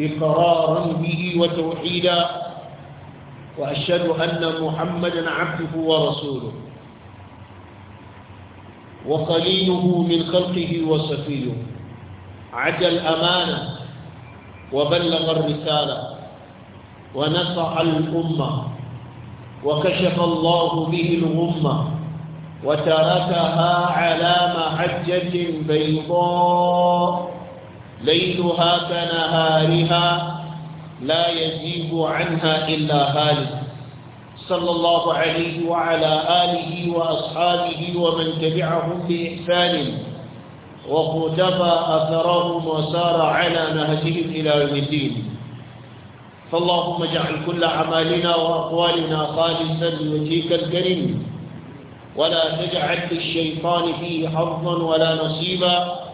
إقرارا به وتوحيدا وأشهد أن محمدا عبده ورسوله وقليله من خلقه وصفيه عدى الأمانة وبلغ الرسالة ونصع الأمة وكشف الله به الغمة وتركها على محجة بيضاء ليلها كنهارها لا يزيد عنها إلا هالك صلى الله عليه وعلى آله وأصحابه ومن تبعهم بإحسان وقتفى أثرهم وسار على نهجهم إلى يوم الدين فاللهم اجعل كل أعمالنا وأقوالنا خالصا لوجهك الكريم ولا تجعل للشيطان فيه حظا ولا نصيبا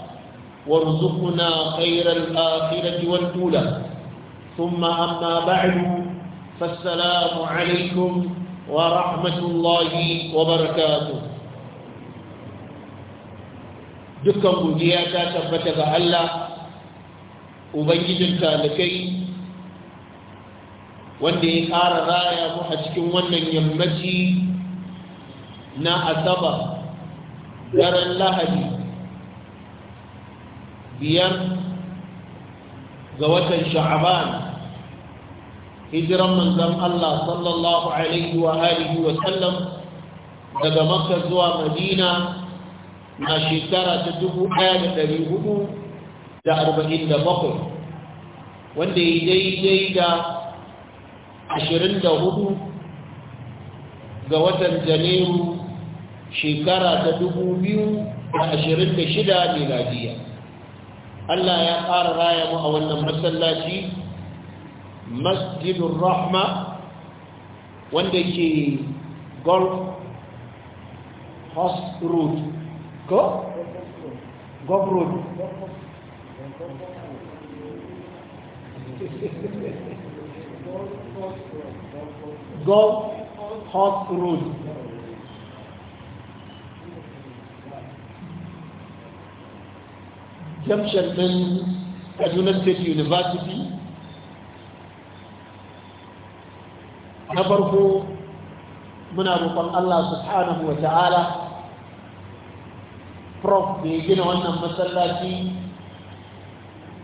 وارزقنا خير الآخرة والأولى ثم أما بعد فالسلام عليكم ورحمة الله وبركاته dukkan godiya ta tabbata ga Allah ubangijin talikai wanda ya ƙara raya mu a cikin wannan yammaci na asaba daren lahadi biyar ga watan sha'aban hijiran manzan Allah sallallahu alaihi wa alihi wa sallam daga makka zuwa madina na shekara ta dubu ɗaya da ɗari da arba'in da bakwai wanda ya daidai da ashirin da hudu ga watan janairu shekara ta dubu biyu da ashirin da shida jiya. Allah ya ƙara raya mu a wannan masallaci masjidun rahma wanda ke golf host road ko? golf road golf host road caption ɗin kaduna state university na farko muna roƙon allah subhanahu wa ta'ala prof da ya gina wannan masallaci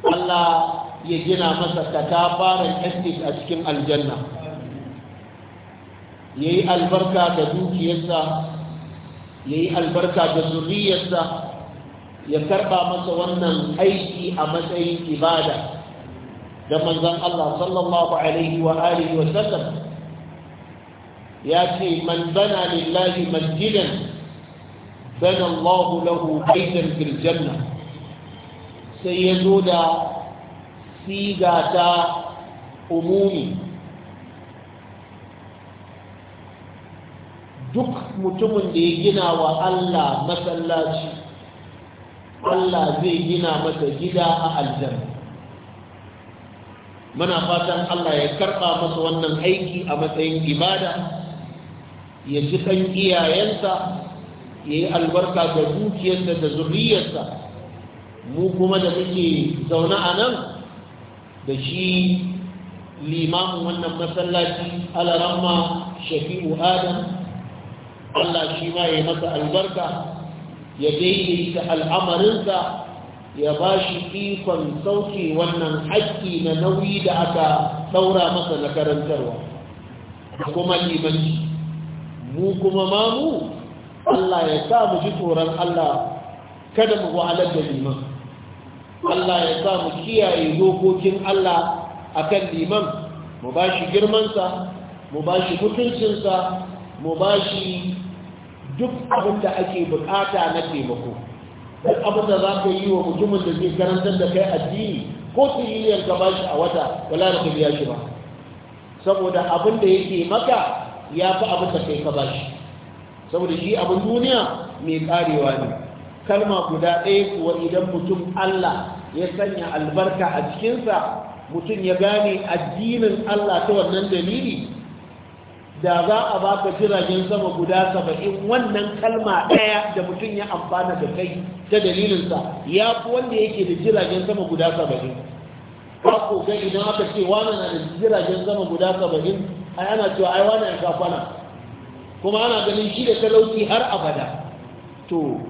allah ya gina masa katafaren estate a cikin aljanna ya yi albarka da dukiyarsa ya yi albarka da zurriyarsa ya karba masa wannan aiki a matsayin ibada da manzan Allah sallallahu alaihi wa alihi wa sallam ya ce man bana lillahi masjidan bana Allah lahu baitan fil janna sai ya zo da siga ta umumi duk mutumin da ya gina wa Allah masallaci Allah zai gina masa gida a aljanna muna fatan Allah ya karɓa masa wannan aiki a matsayin ibada ya ji kan iyayensa ya yi albarka ga dukiyarsa da zurriyarsa mu kuma da muke zaune a nan da shi limamin wannan masallaci alarama shafi'u adam Allah shi ma ya masa albarka ya daidaita al'amarinsa ya ba shi ikon sauke wannan haƙƙi na nauyi da aka ɗaura masa na karantarwa da kuma limanci mu kuma mamu Allah ya sa mu ji tsoron Allah kada mu wahalar da liman Allah ya sa mu kiyaye dokokin Allah a kan liman mu ba shi girmansa mu ba shi mutuncinsa mu ba shi duk abin da ake bukata na taimako duk abin za ka yi wa mutumin da zai karantar da kai addini ko su yin ka bashi a wata wala da ka biya shi ba saboda abin da yake maka ya fi abin da kai ka bashi saboda shi abin duniya mai karewa ne kalma guda ɗaya kuwa idan mutum Allah ya sanya albarka a cikinsa mutum ya gane addinin Allah ta wannan dalili da za a baka jiragen sama guda saba'in wannan kalma ɗaya da mutum ya amfana da kai ta dalilinsa ya fi wanda yake da jiragen sama guda saba'in ba ko ga idan aka ce wani na da jiragen sama guda saba'in ai ana cewa ai wani ya kafana kuma ana ganin shi da talauci har abada to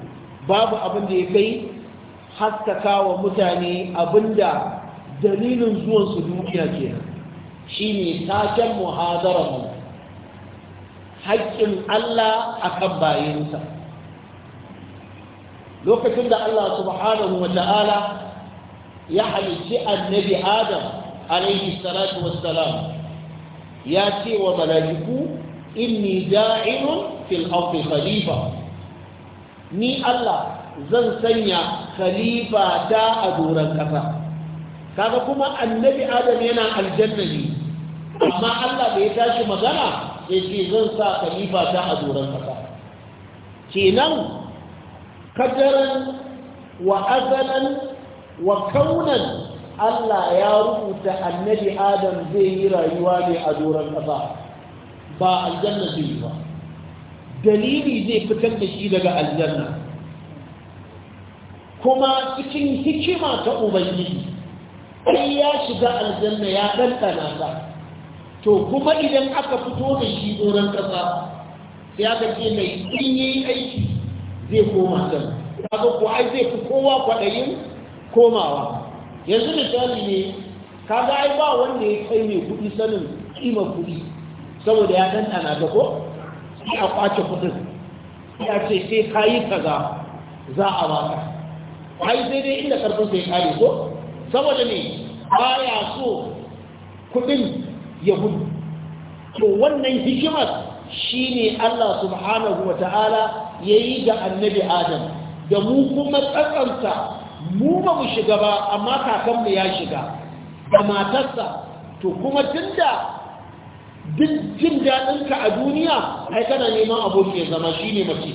babu abin da ya kai haskaka wa mutane abin da dalilin zuwansu duniya kenan shine taken muhadarar mu haƙƙin Allah akan bayinsa lokacin da Allah subhanahu wa ta'ala ya halicci annabi Adam alaihi salatu wassalam ya ce wa mala'iku inni da'inun fil ardi khalifa ni Allah zan sanya khalifa ta a doron kasa kaga kuma annabi Adam yana aljanna amma Allah bai tashi magana ya ce zan sa kalifa ta a doron kasa kenan kadaran wa azalan wa kaunan Allah ya rubuta annabi Adam zai yi rayuwa ne a doron kasa ba aljanna zai yi ba dalili zai fitar da shi daga aljanna kuma cikin hikima ta ubangiji sai ya shiga aljanna ya ɗanɗana ta to kuma idan aka fito da shi doron kasa sai aka ce mai in yi aiki zai koma can kaga ko ai zai fi kowa kwaɗayin komawa yanzu misali ne kaga ai ba wanda ya kai mai kuɗi sanin kima kuɗi saboda ya ɗana da ko sai a kwace kuɗin ya ce sai ka yi kaza za a baka ai sai dai inda karfin sai kare ko saboda ne ya so kuɗin yahudu to wannan hikimar shine Allah subhanahu wa ta'ala ya yi ga annabi adam da mu kuma tsakanta mu ba mu shiga ba amma kakanmu ya shiga da matarsa to kuma tunda duk jin daɗinka a duniya ai kana neman abokin ya zama shine mace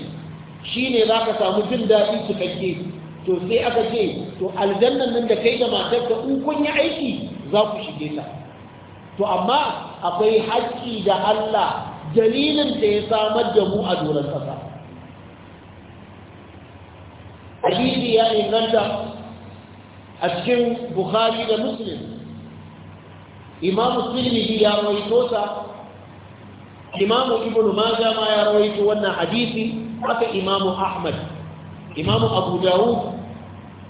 shine za ka samu jin daɗi cikakke to sai aka ce to aljannan nan da kai da matarka in kun yi aiki za ku shige ta to amma akwai haƙƙi da Allah dalilin da ya samar da mu a doron ƙasa ya inganta a cikin bukhari da muslim imamu tirmidhi ya rawaito sa Imam ibnu majah ma ya rawaito wannan hadisi haka imamu ahmad imam abu dawud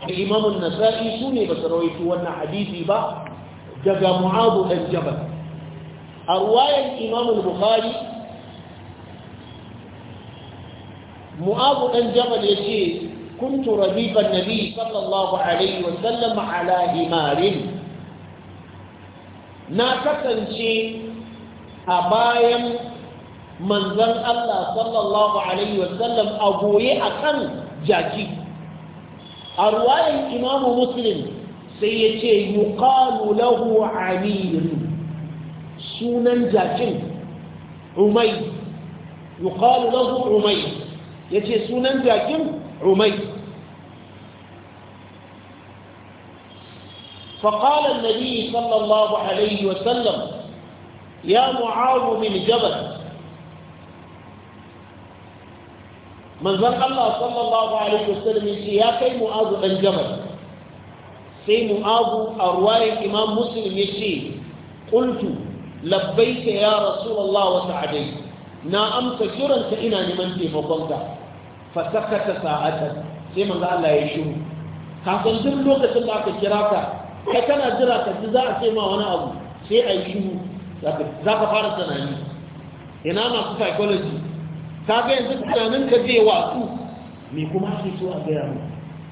da imam nasa'i su ne ba su rawaito wannan hadisi ba daga mu'adu ɗan jabal a ruwayen imamun buhari mu'adu ɗan jabal ya ce kuntu rahifan nabi sallallahu alaihi wasallam ala himarin na kasance a bayan manzan Allah sallallahu alaihi wasallam a goye a kan jaki a ruwayen imamun muslims sai ya ce yuqalu lahu amir sunan jakin umay yuqalu lahu umay زاكي عمي فقال النبي صلى الله عليه وسلم يا معاذ بن جبل من ذكر الله صلى الله عليه وسلم يا كي معاذ بن جبل sai mu'azu a ruwayar imam muslim ya ce ƙultu labbaika ya rasulallah wa sa'adai na amsa kiranka ina neman taimakonka fa sakata sa'atan sai manzo Allah ya shiru kafin duk lokacin da aka kira ka kai kana jira ka ji za a ce ma wani abu sai a yi shiru za ka fara tunani ina masu psychology ka ga yanzu tunanin ka zai watsu me kuma ake so a gaya mu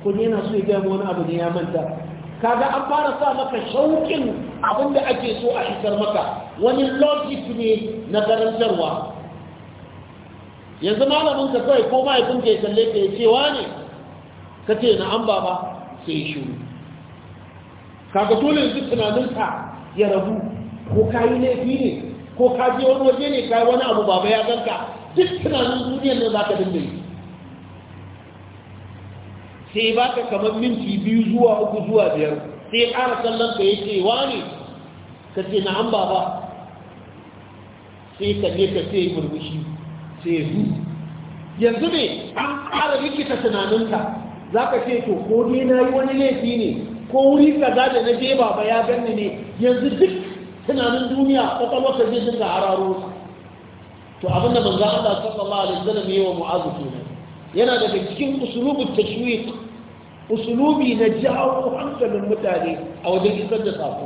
Kun yana so ya gaya mu wani abu ne ya manta kaga an fara sa maka shauƙin abin da ake so a isar maka wani logic ne na karantarwa yanzu malamin ka kawai ko mahaifin ka ya kalle ka ya cewa ne ka ce na an baba sai shiru kaga dole yanzu tunaninka ya rabu ko ka yi laifi ne ko ka wani waje ne ka yi wani abu baba ya ganka duk tunanin duniyar ne za ka dinga yi sai ba ka kamar minti biyu zuwa uku zuwa biyar sai ƙara kallon ka ya ce ne. ka ce na an baba sai ka je ka sai murmushi sai zu yanzu ne an ƙara rikita tunaninka za ka ce to ko ne na yi wani laifi ne ko wuri kaza da na je baba ya ganni ne yanzu duk tunanin duniya kwakwalwarka zai dinga hararo to abinda manzo Allah sallallahu alaihi wasallam yayi wa mu'azu kenan yana daga cikin usulubut tashwiq usulubi na jawo hankalin mutane a wajen isar da sako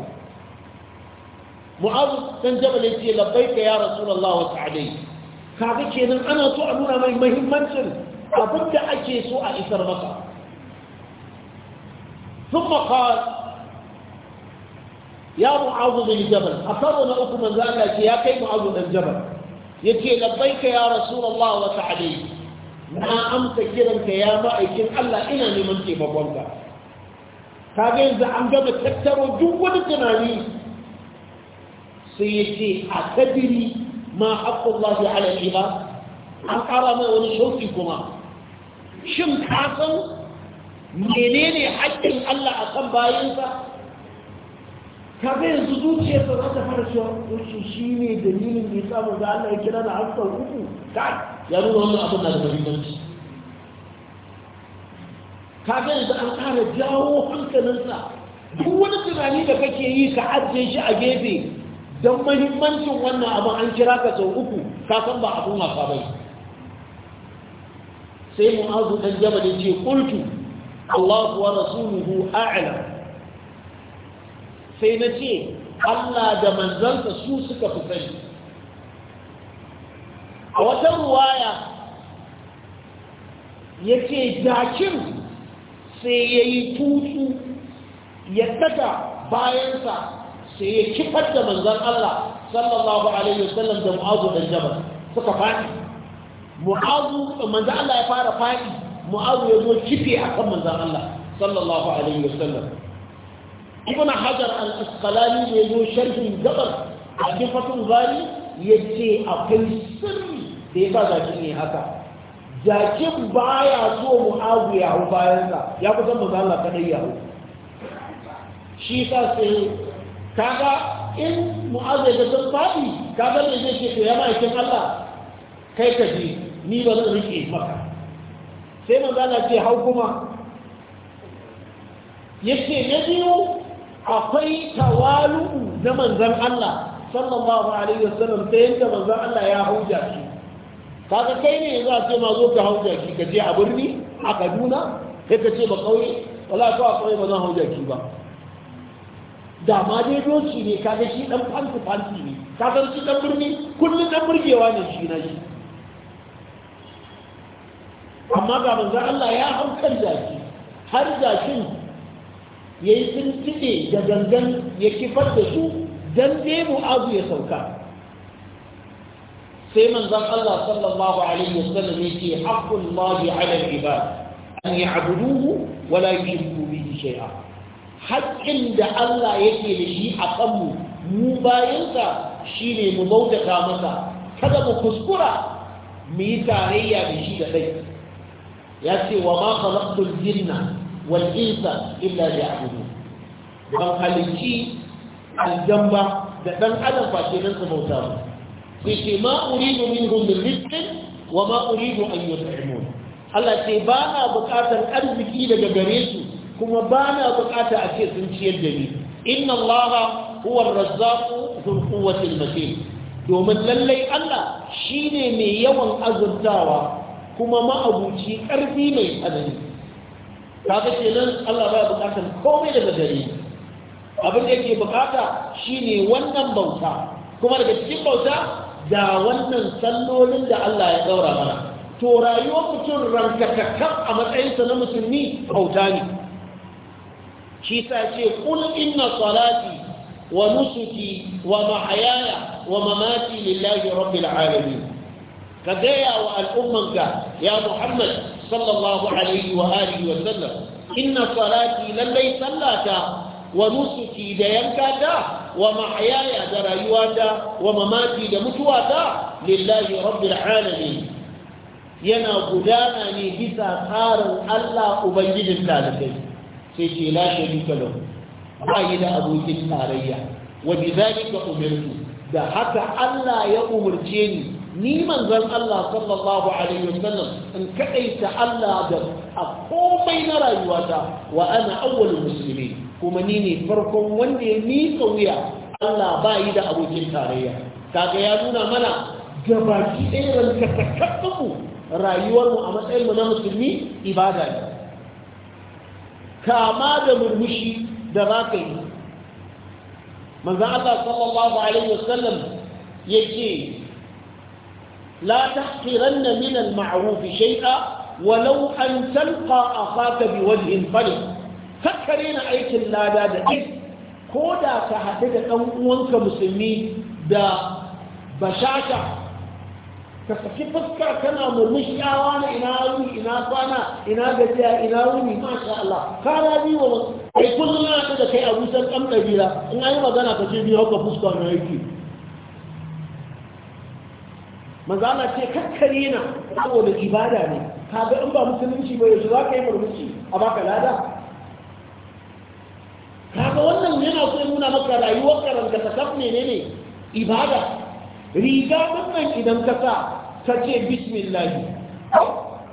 mu'azu dan jabal ya ce labbaika ya rasulullah wa ta'alai kaga kenan ana so a nuna mai muhimmancin abin da ake so a isar masa ثم قال يا معاذ بن جبل أخبرنا أكو من ذلك يا كي معاذ ya جبل يتي لبيك يا رسول الله وتعالي na amsa kiranka ya ma'aikin Allah ina neman taimakonka ka ga yanzu an gama tattaro duk wani tunani sai ya ce a kadiri ma haƙƙullahi ala ba an ƙara mai wani shauki kuma shin ka san menene haƙƙin Allah a kan bayansa kaga su zuciya su zata fara cewa yake shi ne dalilin da ya samu da Allah ya kira da har uku ka ya nuna wannan abin na da muhimmanci kaga yanzu an kara jawo hankalinsa duk wani tunani da kake yi ka ajiye shi a gefe don mahimmancin wannan abin an kira ka sau uku ka san ba abin wasa ba sai mu'azu dan jaba ya ce qultu Allahu wa rasuluhu a'lam sai na ce Allah da manzansa su suka fi sani a wata ruwaya ya ce jakin sai ya yi tutu ya daga bayansa sai ya kifar da manzan Allah sallallahu alaihi wasallam da mu'azu da jabal suka faɗi mu'azu manzan Allah ya fara faɗi mu'azu ya zo kife a kan manzan Allah sallallahu alaihi wasallam ibn hajar al isqalani da yazo sharhin gabar a cikin fatul bari yace akwai sirri da ya ba ne haka jakin baya so abu ya hau sa ya kusan manzo Allah kadai ya hau shi sa sai kaga in mu'azzai da sun fadi kaga da zai ce to ya ma'aikin Allah kai ka ji ni ba zan rike maka sai manzo Allah ce hau kuma yace ne biyu akwai tawalu'u na manzan Allah sallallahu alaihi wasallam ta yadda manzan Allah ya hauja shi kaga kai ne za a ce ma zo ka hauja shi ka je a birni a Kaduna sai ka ce ba kauye wala ko a kauye ba zan hauja shi ba da ma dai doki ne kaga shi dan fanti fanti ne kaga shi dan birni kullun dan burgewa ne shi na shi amma ga manzan Allah ya hau kan jaki har jakin ya yi tuntube da gangan ya kifar da su don mu azu ya sauka sai manzon Allah sallallahu alaihi wasallam yake haqqul lahi ala al-ibad an ya'buduhu wa la yushriku bihi shay'a haƙƙin da Allah yake da shi a kanmu mu bayansa shine mu bautata masa kada mu kuskura mu yi tarayya da shi da dai ya ce wa ma khalaqtul jinna wal insa illa liya'budun ban halici aljamba da ɗan adam ba ke nan su bauta ba sai ce ma uridu minhum wa ma uridu an Allah ce ba na bukatar arziki daga gare su kuma ba na bukata a ce sun ciyar da ni inna Allah huwa ar-razzaqu dhul quwwati domin lallai Allah shine mai yawan azurtawa kuma ma'abuci ƙarfi mai tsanani kaga kenan Allah baya bukatar komai daga gare abin da yake bukata shine wannan bauta kuma daga cikin bauta da wannan sallolin da Allah ya daura mana to rayuwar mutum rankakakkan a matsayinsa na musulmi bauta ne shi sa ce kul inna salati wa nusuki wa mahayaya wa mamati lillahi rabbil alamin ka gaya wa al'ummanka ya muhammad sallallahu alaihi wa alihi wa sallam inna salati lallai sallata wa nusuki da yankata wa mahyaya da rayuwata wa mamati da mutuwata lillahi rabbil alamin yana gudana ne hisa tsarin Allah ubangijin talibai sai ce la sharika lahu ba yi da abokin tarayya wa bidhalika umirtu da haka Allah ya umarce ni ni manzon Allah sallallahu alaihi wasallam in kadaita Allah da a komai na rayuwata wa ana awwalul kuma ni ne farkon wanda ya miƙa wuya Allah ba yi da abokin tarayya kaga ya nuna mana gabaki ɗaya ranka ta rayuwarmu a matsayin mu na musulmi ibada ne kama da murmushi da za yi manzan Allah sallallahu alaihi wasallam ya la tahqiranna min al-ma'ruf shay'a walau an talqa akhaka bi wajhin falih kakkare na aikin lada da ɗin ko da ka haɗu da ɗan uwanka musulmi da bashasha ka saki fuska kana murmushi ina wuni ina kwana ina gajiya ina wuni masha Allah ka rabi wa ai kullum na da kai abusan dan kabila in ai magana ka ce biyo ka fuska na yake manzala ce kakkare na saboda ibada ne kaga in ba musulunci ba yaushe za ka yi murmushi a baka lada kaga wannan yana so nuna maka rayuwar karanta ta kaf ne ibada riga wannan idan ka sa ka ce bismillah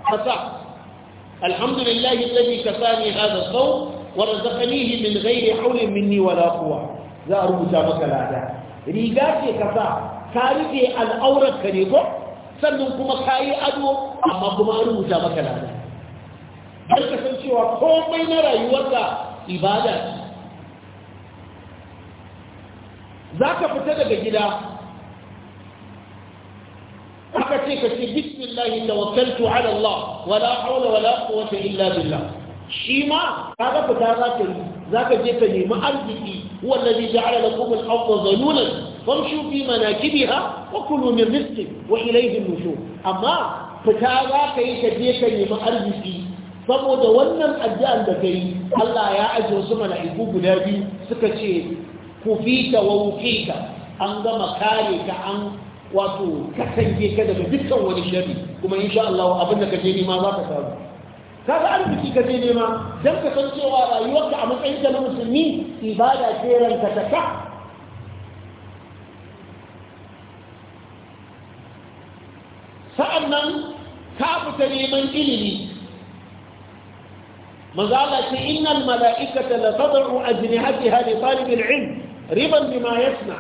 ka sa alhamdulillah alladhi kasani hadha as-sawm wa razaqanihi min ghairi hawlin minni wala quwwa za a rubuta maka lada riga ce ka sa ka rufe al'aurar ka ne ko sannan kuma ka yi ado amma kuma an rubuta maka lada har ka san cewa komai na rayuwarka ibada za ka fita daga gida aka ce ka ce bismillahi tawakkaltu ala Allah wala hawla wala quwwata illa billah shi ma kaga fita za ka yi za ka je ka nemi arziki wallazi ja'ala lakum al-ardha zalulan famshu mana manakibiha wa kulu min rizqi wa ilayhi an-nushur amma fita za ka yi ka je ka nemi arziki saboda wannan addu'ar da kai Allah ya ajiye su mala'iku guda biyu suka ce fita wa wufita an gama kare ka an wato katange ka daga dukkan wani shari kuma insha Allah abin da ka je nema za ka samu ga arziki ka je nema dan ka san cewa rayuwarka a matsayin ka na musulmi ibada ce ranka ta sa'an nan neman ilimi mazala ce innan mala'ikata la tad'u ajnihatiha li talib al-ilm riban bima yasna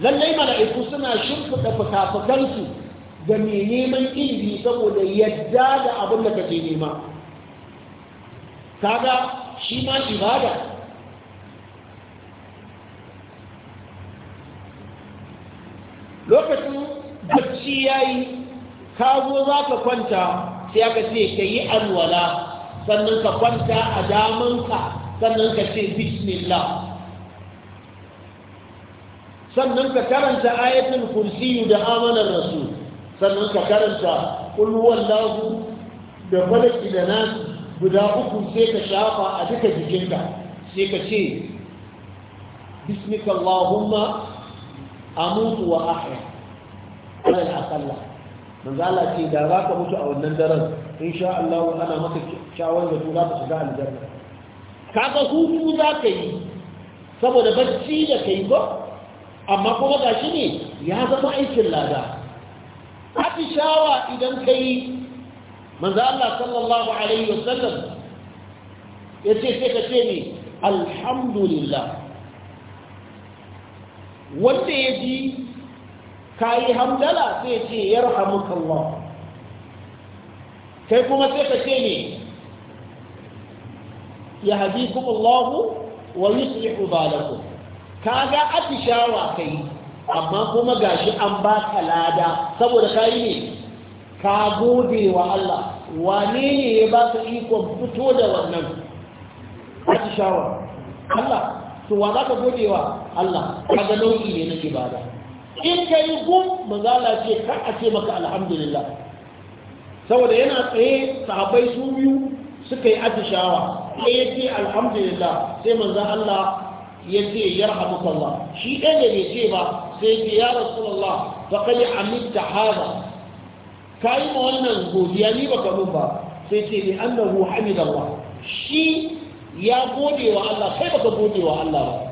lallai mala'iku suna shimfida fukafukansu ga mai neman ilimi saboda yadda da abin da kake nema kaga shi ma ibada lokacin bacci ya yi kago za ka kwanta sai aka ce ka yi alwala sannan ka kwanta a damanka sannan ka ce bismillah sannan ka karanta ayatul kursiyu da amanar rasul sannan ka karanta kul wallahu da falaki da nas guda uku sai ka shafa a duka jikinka sai ka ce bismika allahumma amutu wa ahya ana a sallah manzo ce da za ka mutu a wannan daren insha Allah ana maka kyawun da su za ka shiga aljanna ga hutu za ka yi saboda bacci da kai ba amma kuma ga shi ne ya zama aikin lada shawa idan ka yi manzo Allah sallallahu alaihi wasallam ya ce sai ka ce ne alhamdulillah wanda ya ji ka yi hamdala sai ce yarhamuka Allah kai kuma sai ka ce ne ya hadikum Allah wa yuslihu balakum kaga atishawa kai amma kuma gashi an baka lada saboda yi ne ka gode wa Allah wane ne ya baka ikon fito da wannan atishawa Allah to wa gode wa Allah kaga nau'i ne na ibada in ka yi gum manzo Allah ce kar a ce maka alhamdulillah saboda yana tsaye sahabbai su biyu suka yi atishawa sai ya ce alhamdulillah sai manzo Allah ya ce yarhamukallah shi ɗan da bai ce ba sai ya ce ya rasulullah faqad amilta hada kai ma wannan godiya ni baka mun ba sai ce li annahu ba. shi ya gode wa Allah kai baka gode wa Allah ba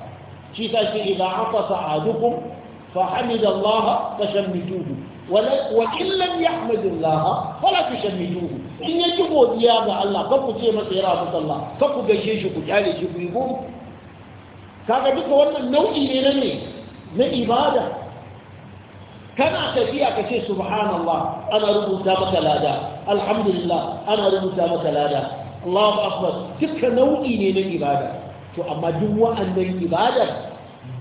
shi ta ce idan afasa ahadukum فحمد الله فشمتوه وإن لم يحمد الله فلا تشمتوه إن يجبوا ديابة الله فقو سيما سيرابة الله فقو بشيش كجالي شبيبون كذا بك وانا نوئي لنمي من إبادة كما تفيع كشي سبحان الله أنا رب سامك الأداء الحمد لله أنا رب سامك الأداء الله أكبر تلك نوئي لنمي إبادة فأما جمع أن الإبادة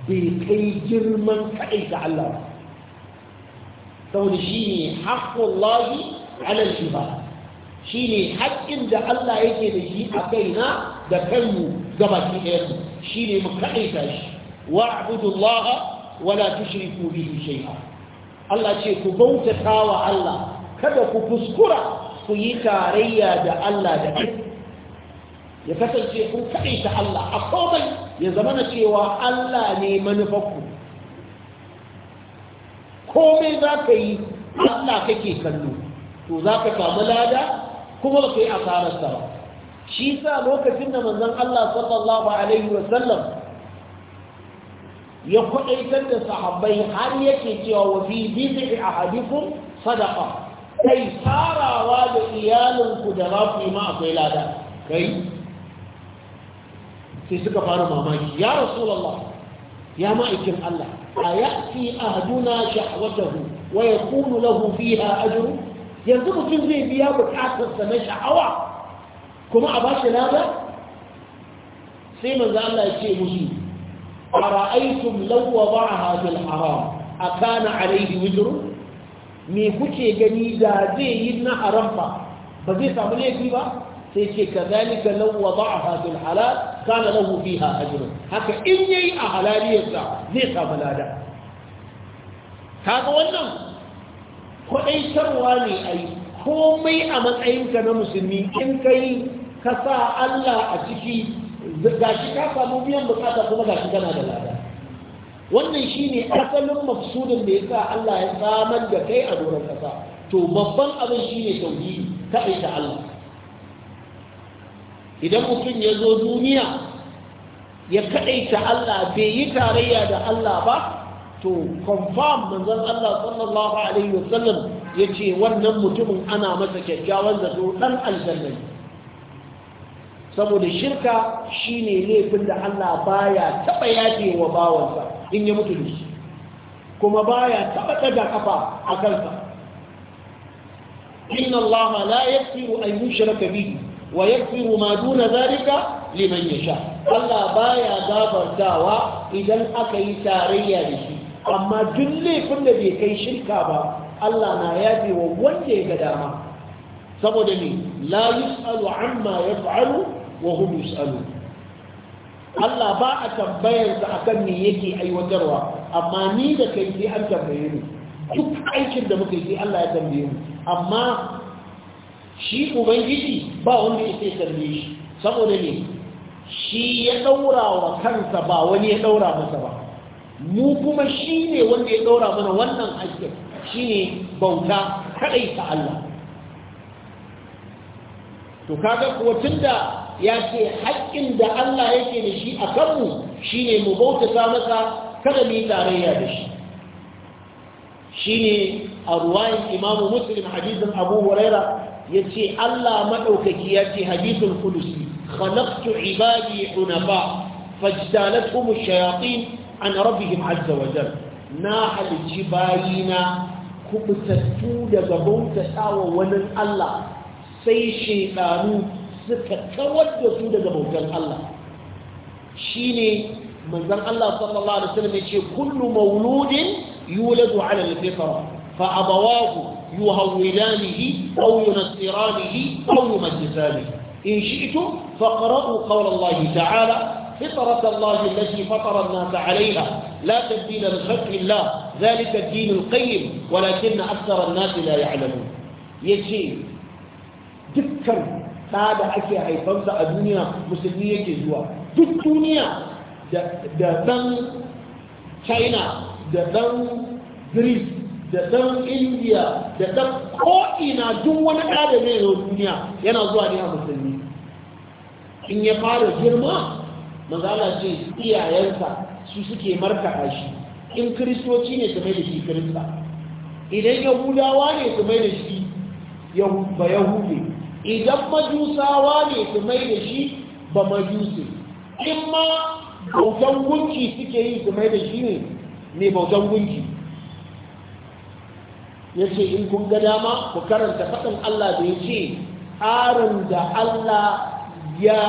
bai kai girman kaɗai ga Allah ba saboda shi ne haƙƙun lahi alal ibada shi ne haƙƙin da Allah yake da shi a kaina da kanmu gabaki ɗaya shi ne mu kaɗaita shi wa abudullaha wala tushriku bihi shay'a Allah ce ku bautata wa Allah kada ku kuskura ku yi tarayya da Allah da ya kasance kun kaɗaita Allah a komai ya zama na cewa Allah ne manufarku komai za ka yi Allah kake kallo to za ka samu lada kuma ba ka yi ba shi sa lokacin da manzon Allah sallallahu alaihi sallam ya kwaɗaitar da sahabbai har yake cewa wa fi a ahadikum sadaqa kai sarawa da iyalinku da za ku yi ma akwai lada kai sai suka fara mamaki ya rasulallah. ya ma'aikin Allah a ya'ti ahaduna sha'awatahu wa yakunu lahu fiha ajru yanzu mutum zai biya bukatarsa na sha'awa kuma a bashi lada sai manzo Allah ya ce musu ara'aytum law wada'aha fil haram akana alayhi wizru me kuke gani da zai yi na haram ba ba zai samu laifi ba sai ce kazalika law wada'aha bil halal kana lahu fiha ajrun haka in yayi a halaliyarsa zai samu lada kaga wannan kwadaitarwa ne yi komai a matsayinka na musulmi in kai ka sa Allah a ciki gashi ka samu biyan bukata kuma gashi kana da lada wannan shine asalin mafsudin da yasa Allah ya samar da kai a doron kasa to babban abin ne tauhidi ka aita Allah idan mutum ya zo duniya ya kaɗaita Allah bai yi tarayya da Allah ba to confirm manzon Allah sallallahu alaihi wasallam ya ce wannan mutumin ana masa kyakkyawan zato ɗan aljanna saboda shirka shine laifin da Allah baya taɓa yafe wa bawansa in ya mutu da shi kuma baya taɓa ɗaga kafa a kansa inna Allah la yaghfiru an bihi wa yaghfiru ma duna zalika liman yasha Allah baya gafartawa idan aka yi tarayya da shi amma duk laifin da bai kai shirka ba Allah na yafe wa wanda ya ga dama saboda ne la yus'alu amma yaf'alu wa hum yus'alu Allah ba a tambayar sa akan me yake aiwatarwa amma ni da kai sai an tambaye ni duk aikin da muka yi Allah ya tambaye mu amma shi ubangiji ba wanda ya sai shi saboda ne shi ya daura wa kansa ba wani ya daura masa ba mu kuma shi ne wanda ya daura mana wannan aikin, shi ne bauta kadai ta Allah to kaga kuwa tunda ya ce haƙƙin da Allah yake da shi a kanmu shi ne mu bautata masa kada mu yi tarayya da shi shi ne a ruwayin imamu muslim hadisin abu huraira ya ce Allah maɗaukaki ya ce hadithul kudusi khalaqtu ibadi hunafa fajtalathum kuma shayatin an rabbihim azza wa jalla na halici bayina kubutattu daga bautatawa wani Allah sai shaidanu suka kawar da su daga bautar Allah shine manzon Allah sallallahu alaihi wasallam ya ce kullu mauludin yuladu ala al-fitra فأبواه يهولانه أو ينصرانه أو يمجسانه إن شئتم فقرأوا قول الله تعالى فطرة الله التي فطر الناس عليها لا تدين الخلق الله ذلك الدين القيم ولكن أكثر الناس لا يعلمون يجي دكر هذا أكي هيفنسى الدنيا مسلمية جزوة دك دنيا دبن تشاينا دبن جريس da ɗan indiya da ɗan ko'ina duk wani ɗada ne yau duniya yana zuwa ne a musulmi in ya fara girma mazala ce iyayensa su suke marka shi in kiristoci ne su mai da shi kirista idan yahudawa ne su mai da shi ba yahude idan majusawa ne su mai da shi ba majusi in ma bautan gunki suke yi su mai da shi ne mai bautan gunki ya ce in kun ga dama ku karanta faɗin Allah da ya ce tsarin da Allah ya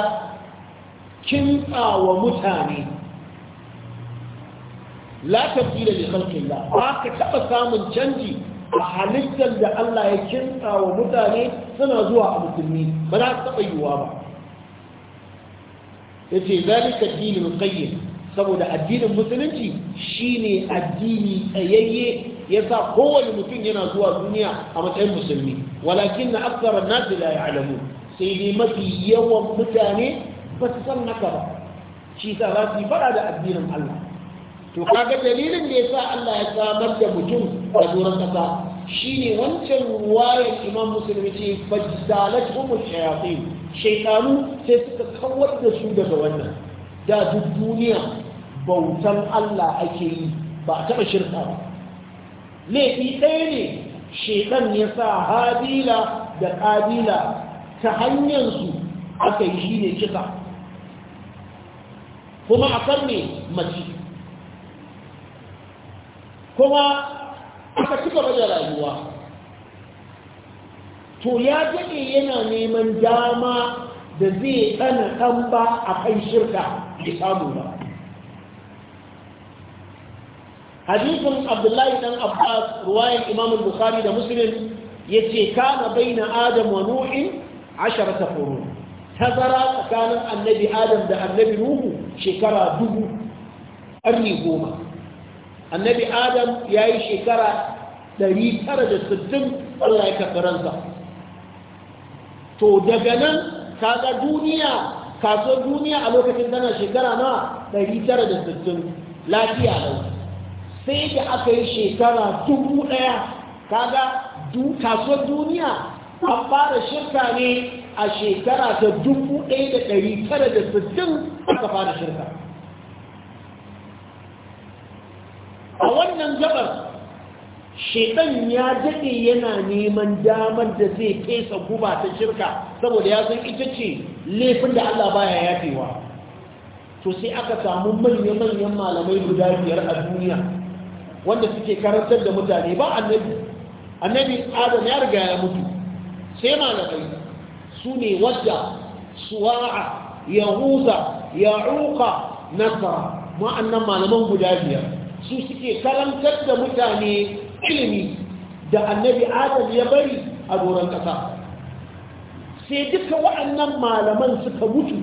kinsa wa mutane la da li ba ka taɓa samun canji a halittar da Allah ya kinsa wa mutane suna zuwa a musulmi ba za taɓa yiwuwa ba ya ce zalika dinin qayyim saboda addinin musulunci shine addini tsayayye ya sa kowane mutum yana zuwa duniya a matsayin musulmi walakin na aksara nasi la ya'lamu sai dai mafi yawan mutane ba su san haka ba shi sa za su yi fara da addinin Allah to kaga dalilin da yasa Allah ya samar da mutum a doron kasa shine wancan ruwayar Imam Muslim ce fajzalat umu shayatin shaytanu sai suka kawar da su daga wannan da duk duniya bautan Allah ake yi ba a taɓa shirka ba laifi ɗaya ne shekan ya sa habila da ƙabila ta hanyarsu aka yi shi ne kisa kuma a kan ne mace kuma aka cika da rayuwa to ya daɗe yana neman dama da zai ɗana ɗan ba a kan shirka ya samu ba hadisin abdullahi dan abbas ruwayan imamin bukhari da muslim yace kana baina adam wa nuhin 10 qurun tazara tsakanin annabi adam da annabi nuhu shekara dubu ƙarni goma annabi adam ya yi shekara 960 allah ya karɓi ransa to daga nan kaga duniya duniya a lokacin tana shekara na 960 lafiya sai da aka yi shekara dubu ɗaya kaga kasuwar duniya an fara shirka ne a shekara ta dubu ɗaya da ɗari tara da sittin aka fara shirka a wannan gabar shekan ya daɗe yana neman damar da zai kesa guba ta shirka saboda ya san ita ce laifin da Allah baya yafewa to sai aka samu manya-manyan malamai guda biyar a duniya wanda suke karantar da mutane ba annabi annabi adam ya riga ya mutu sai malamai su ne wadda suwa'a yahuza ya'uqa nasara ma'annan malaman guda biyar su suke karantar da mutane ilimi da annabi adam ya bari a doron ƙasa sai duka wa'annan malaman suka mutu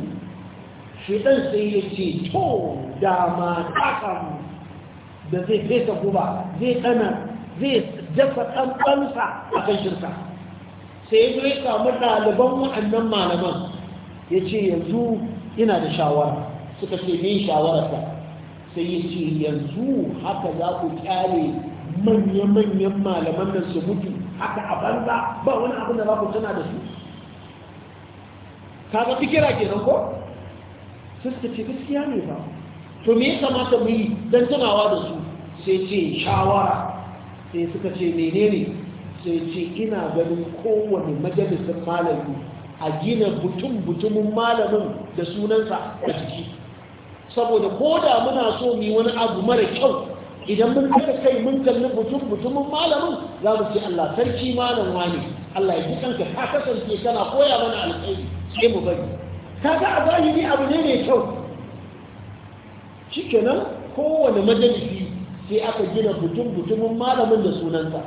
shi ɗan sai ya ce to dama da zai fesa guba zai tsana zai dafa ɗanɗansa a kan shirka sai ya zo ya samu ɗaliban wa'annan malaman ya ce yanzu ina da shawara suka ce min shawararsa sai ya ce yanzu haka za ku kyale manya-manyan malaman nan su mutu haka a banza ba wani abin da za ku tana da su kaga fikira kenan ko suka ce gaskiya ne ba to me ya kamata mu yi don tunawa da su sai ce shawara sai suka ce menene sai ce ina ganin kowane majalisar malami a gina butun-butumin malamin da sunansa a jiki saboda ko da muna so mu wani abu mara kyau idan mun kada kai mun kalli butun-butumin malamin za mu ce Allah sarki malam wani Allah ya ji kanka ka kasance kana koya mana alƙairi sai mu bari kaga a zahiri abu ne mai kyau shikenan kowane majalisi sai aka gina butun butunin malamin da sunansa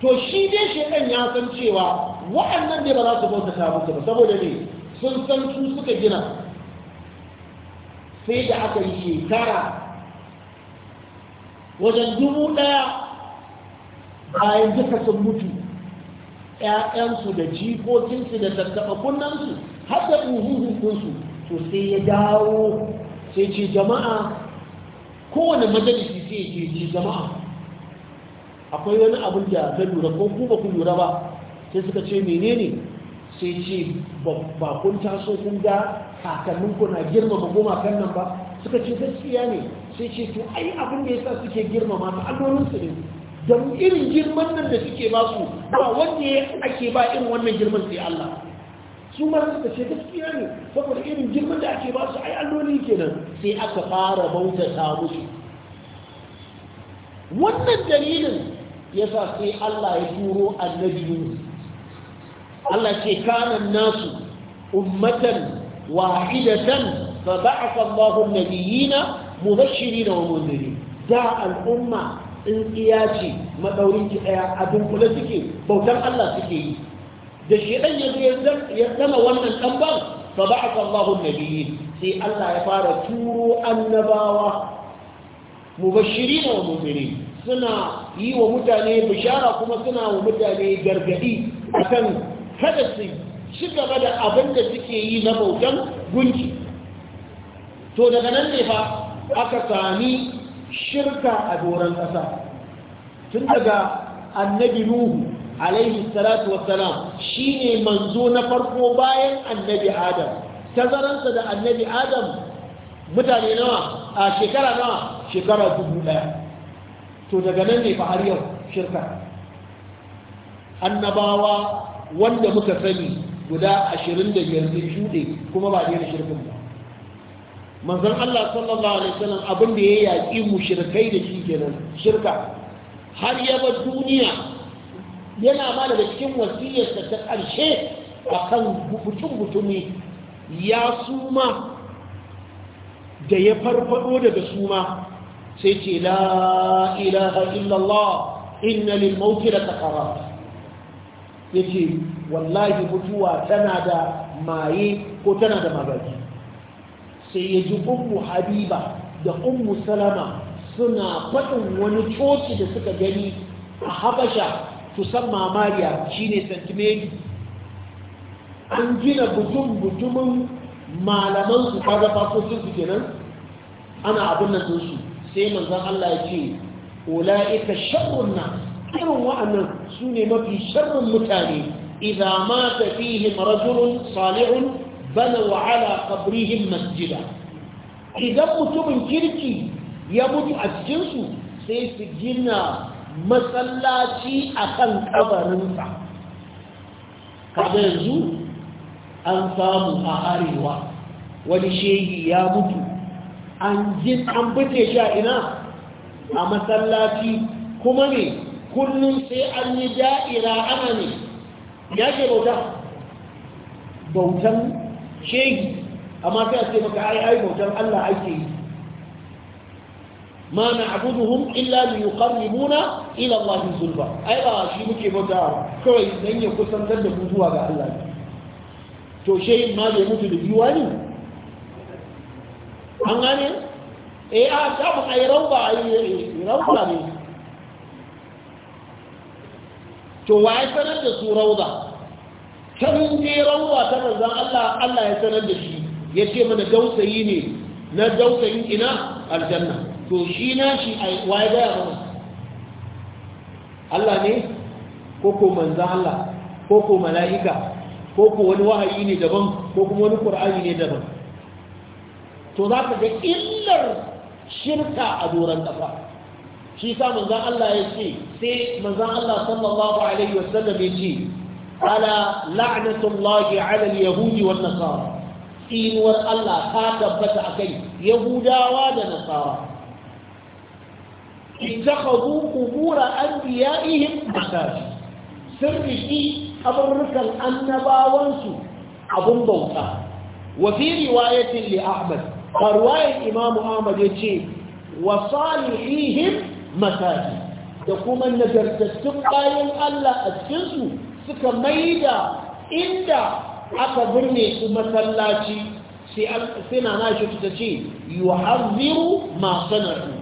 to shi dai shekan ya san cewa wa'annan dai ba za su bautata musu ba saboda ne sun san su suka gina sai da aka yi shekara wajen dubu ɗaya bayan duka sun mutu ‘ya'yansu da jikokinsu da tattaɓa kunnansu har da hukunsu to sai ya dawo sai ce jama'a kowane majalisi sai ya ke jama'a akwai wani abin da ta lura ko ku ba ku lura ba sai suka ce menene sai ce ba kun taso kun ga kakannin na girmama goma kan nan ba suka ce gaskiya ne sai ce to ai abin da yasa suke girmama ta allolin su ne dan irin girman nan da suke ba su ba wanda ake ba irin wannan girman sai Allah su ma da ce gaskiya ne saboda irin girman da ake ba su ai alloli kenan sai aka fara bauta ta musu wannan dalilin yasa sai Allah ya turo annabi Allah ce kana nasu ummatan wahidatan fa ba'atha Allahu an-nabiyina mubashirin wa mundirin da al'umma in iya ce madaurin ki daya abin kula suke bautar Allah suke yi da shedan ya zo ya zama wannan ɗanban fa ba'atha Allahu nabiyyin sai Allah ya fara turo annabawa mubashirin wa munzirin suna yi wa mutane bishara kuma suna wa mutane gargadi akan kada su ci gaba da abin da suke yi na bautan gunki to daga nan ne fa aka sami shirka a doron ƙasa tun daga annabi nuhu alaihi salatu wassalam Shi ne manzo na farko bayan annabi adam tazaransa da annabi adam mutane nawa a shekara nawa shekara dubu ɗaya to daga nan ne fa har yau shirka annabawa wanda muka sani guda ashirin da biyar zai shuɗe kuma ba daina shirkin ba Manzan Allah sallallahu alaihi wasallam abin da ya yaƙi shirkai da shi kenan shirka har ya duniya yana ma daga cikin wasiyarsa ta ƙarshe a kan mutum-mutumi ya suma da ya farfado daga suma sai ce la ilaha illallah inna lil mauti la sakarat yace wallahi mutuwa tana da maye ko tana da magaji sai ya ji ummu habiba da ummu salama suna faɗin wani coci da suka gani a habasha mamariya shi shine santimeti an gina butum-butumin malaman su kaga fasosin su kenan ana abin nan su sai manzan Allah ya ce ula'ika sharrun na irin wa'annan su ne mafi sharrun mutane idan ma tafihim rajulun salihun bana wa ala masjida idan mutumin kirki ya mutu a cikinsu sai su gina masallaci a kan kabarinsa kada yanzu an samu a arewa wani shehi ya mutu an jin an fice sha ina a masallaci kuma ne kullum sai an yi da'ira ana ne ya ke bauta bautan shehi amma sai a ce maka ai ai bautan allah ake yi ma na'buduhum illa liyuqarribuna ila Allah zulfa ai ba shi muke bauta kawai dan ya kusantar da mu ga Allah to shehin ma bai mutu da diwani an gane eh a ta ba ai rauba ai rauba ne to waye sanar da su rauda can je rawa ta manzan Allah ya sanar da shi ya ce mana dausayi ne na dausayin ina aljanna to shi na shi a waye gaya mana Allah ne ko ko manzan Allah ko ko mala'ika ko ko wani wahayi ne daban ko kuma wani ƙur'ani ne daban to za ka ga illar shirka a doron ƙasa shi sa manzan Allah ya ce sai manzan Allah sallallahu alaihi wasallam ya ce ala la'natullahi ala al-yahudi wan nasara tsinuwar Allah ta tabbata a akai yahudawa da nasara ittakhadhu qubura anbiya'ihim masajid sirri shi abrukal annabawan su abun bauta wa fi riwayatin ahmad fa riwayat imam ahmad yace wa salihihim masajid da kuma najartattun bayan Allah a cikin su suka maida inda aka burne su masallaci sai suna nashi su ta ce yi wa masu sanarwa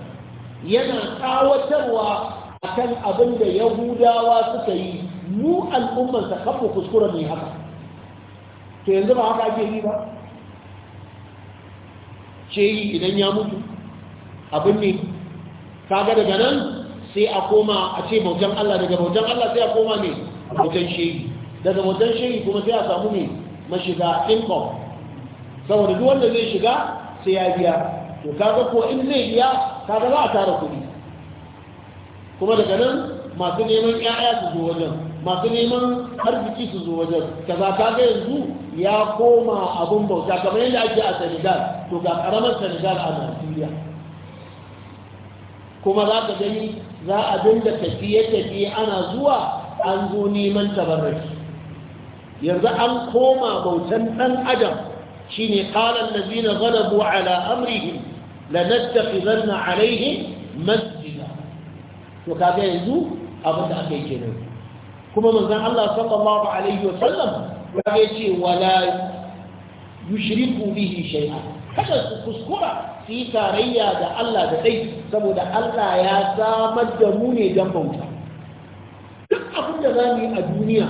yana tsawatarwa kan abin da yahudawa suka yi mu al'ummansa kafin kuskura mai haka to yanzu ba haka ake yi ba ce yi idan ya mutu abin ne kaga daga nan sai a koma a ce bautan Allah daga bautan Allah sai a koma ne bautan shehi daga bautan shehi kuma sai a samu ne mashiga income saboda duk wanda zai shiga sai ya biya to kaga ko in zai biya kaga za a tara kuɗi kuma daga nan masu neman 'ya'ya su zo wajen masu neman arziki su zo wajen kaza ga yanzu ya koma abun bauta kamar yadda ake a senegal to ga karamar senegal a najeriya kuma za ka gani za a dinga tafiye-tafiye ana zuwa an zo neman tabarraki yanzu an koma bautan ɗan adam shine qalan ladina ghalabu ala amrihim lanattakhizanna alaihim masjida to kaga yanzu abin aka yi kenan kuma manzon Allah sallallahu alaihi wa sallam ya ce wala yushriku bihi shay'a kada su kuskura su yi tarayya da Allah da ɗai saboda Allah ya samar da mu ne don bauta duk abin da za mu a duniya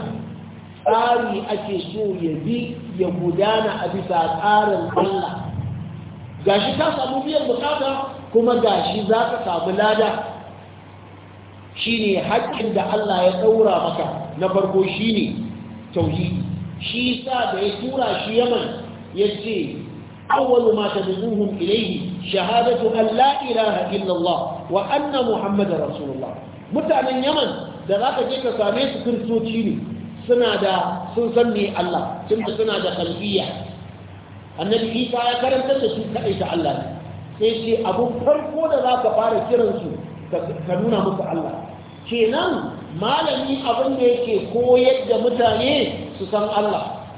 tsari ake so ya bi ya gudana a bisa tsarin Allah gashi ka samu biyan bukata kuma gashi za ka samu lada shine haƙƙin da Allah ya ɗaura maka na farko shine tauhidi shi sa da ya tura shi yaman ya ce awwalu ma tad'uhum ilayhi shahadatu an la ilaha illa wa anna muhammadar rasulullah mutanen yaman da zaka je ka same su kristoci ne suna da sun san ne Allah tunda suna da kalbiya annabi isa ya karantar da su kaɗai ta Allah ne sai abun farko da za ka fara kiransu ka nuna musu Allah kenan malami abin da yake koyar da mutane su san Allah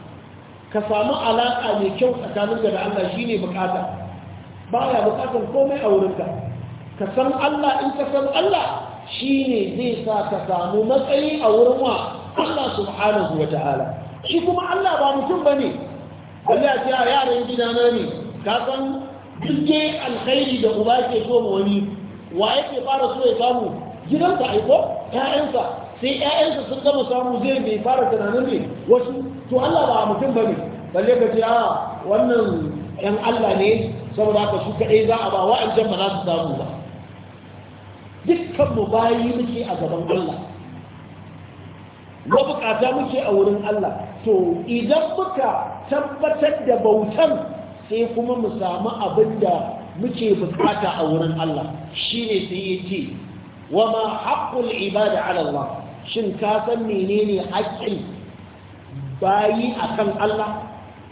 ka samu alaƙa mai kyau tsakaninka da Allah shine bukata ya bukatan komai a wurinka ka san Allah in ka san Allah shine zai sa ka samu matsayi a wurin wa Allah subhanahu wa ta'ala shi kuma Allah ba mutum bane Allah ce a yaran na ne ka san duk alkhairi da uba ke so ma wani wa yake fara so ya samu gidansa aiko ƴaƴansa sai ƴaƴansa sun gama samu zai bai fara tunanin ne wasu to Allah ba mutum bane balle ka ce a wannan ɗan Allah ne saboda haka su kaɗai za a ba wa'ancan ba za su samu ba dukkan mu bayi muke a gaban Allah mabukata muke a wurin Allah to idan muka tabbatar da bautan sai kuma mu samu abin da muke bukata a wurin Allah shi ne sai ya ce wa ma haqqul ibada ala Allah shin ka san menene haƙƙin bayi akan Allah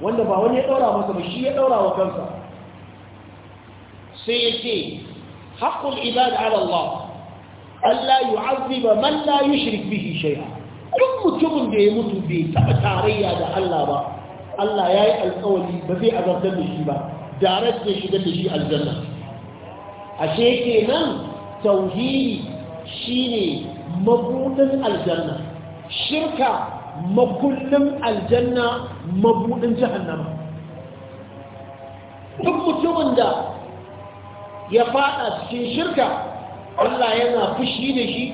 wanda ba wani ya daura masa ba shi ya daura wa kansa sai ya ce haqqul ibada ala Allah Allah yu'azziba man la yushrik bihi shay'a duk mutumin da ya mutu bai taɓa tarayya da Allah ba Allah ya yi alkawali ba zai azabtar da shi ba darar da shiga da shi aljanna ashe kenan tauhidi shine mabudin aljanna shirka makullin aljanna mabudin jahannama duk mutumin da ya fada cikin shirka Allah yana fushi da shi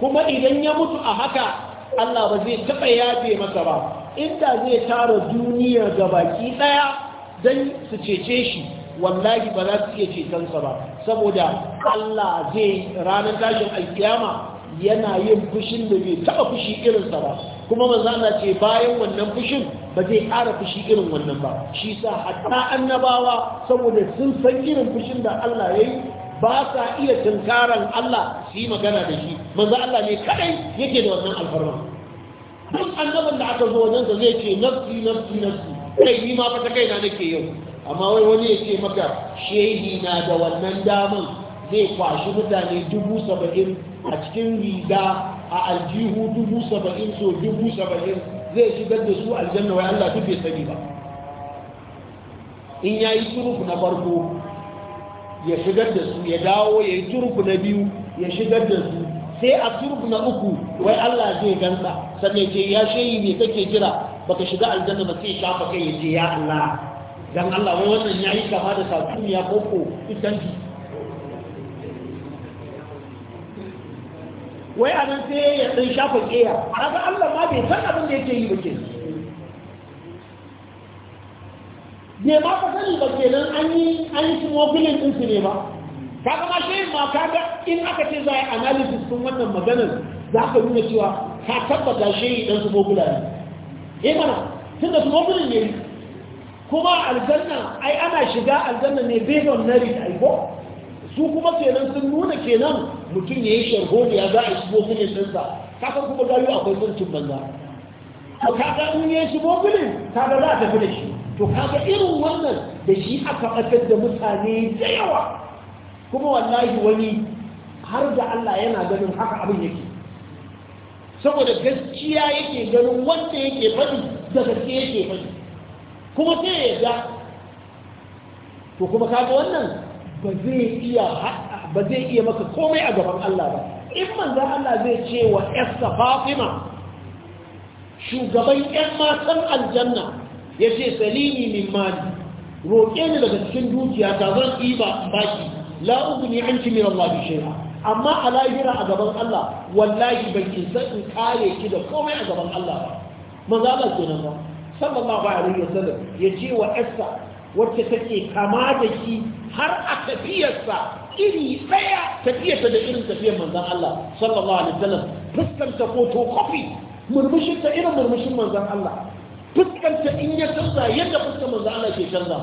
kuma idan ya mutu a haka Allah ba zai taɓa yafe masa ba inda zai tara duniya ga baki ɗaya don su cece shi wallahi ba za su iya cetonsa ba saboda Allah zai ranar tashin alkiyama yana yin fushin da bai taɓa fushi irinsa ba kuma manzana ce bayan wannan fushin ba zai ƙara fushi irin wannan ba shi sa hatta annabawa saboda sun san irin fushin da Allah ya yi ba sa iya tunkaran Allah su yi magana da shi manzo Allah ne kadai yake da wannan alfarma duk annaban da aka zo wajensa zai ce nafsi nafsi nafsi kai ni ma fata kaina nake yau amma wai wani ya ce maka shehi na da wannan daman zai kwashi mutane dubu saba'in a cikin riga a aljihu dubu saba'in so dubu saba'in zai shigar da su aljanna wai Allah duk bai sani ba in ya yi turuku na farko ya shigar da su ya dawo ya yi turuku na biyu ya shigar da su sai a turuku na uku wai Allah zai gansa sannan ce ya shehi me kake jira baka shiga aljanna ba sai shafa kai yace ya Allah dan Allah wai wannan yayi kama da satuniya koko istanti wai anan sai ya dan shafa kiya kaga Allah ma bai san abin da yake yi ba ke. ne ma ka sani ba kenan an yi an yi smoking din su ne ba kaga ma shehi ma kaga in aka ce za a analysis din wannan maganar za ka nuna cewa ka tabbata shi dan su mobula ne eh mana tun da su mobulin ne kuma aljanna ai ana shiga aljanna ne based on merit ai ko su kuma kenan sun nuna kenan mutum ya yi sharholi ya za a shigo filin ɗinsa kasan kuma gayu akwai sarkin banza to kaga in ya shigo ta kaga za a tafi da shi to kaga irin wannan da shi aka ɓatar da mutane da yawa kuma wallahi wani har da Allah yana ganin haka abin yake saboda gaskiya yake ganin wanda yake faɗi da gaske yake faɗi kuma sai ya yarda to kuma kaga wannan ba zai iya ba zai iya maka komai a gaban Allah ba in manzo Allah zai ce wa Esther Fatima shugaban ƴan matan aljanna yace salimi min mali roƙe ni daga cikin dukiya ta zan ɗiba baki la ugni anki min Allah bi shay'a amma a lahira a gaban Allah wallahi ban san in kare ki da komai a gaban Allah ba maza Allah kenan ba sallallahu alaihi wasallam ya ce wa ƴarsa wacce take kama da ki har a tafiyarsa iri ɗaya tafiyarsa da irin tafiyar manzon Allah sallallahu alaihi wasallam fuskanta ko to kofi murmushinta irin murmushin manzon Allah fuskanta in ya canza yadda fuskar manzon Allah ke canza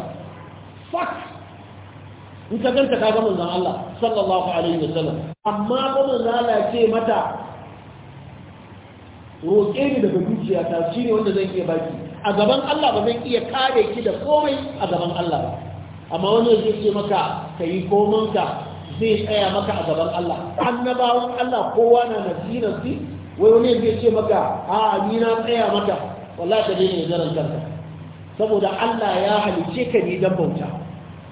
fak in ta ganta ka ga manzon Allah sallallahu alaihi wasallam amma ba manzon ce mata roƙe ni daga dukiya ta shine wanda zan iya baki a gaban Allah ba zan iya kare ki da komai a gaban Allah ba amma wani zai ce maka kai koman ka zai tsaya maka a gaban Allah annabawan Allah kowa na nasiransi wai wani zai ce maka a ni na tsaya maka wallahi ka daina zaran saboda Allah ya halice ka ne dan bauta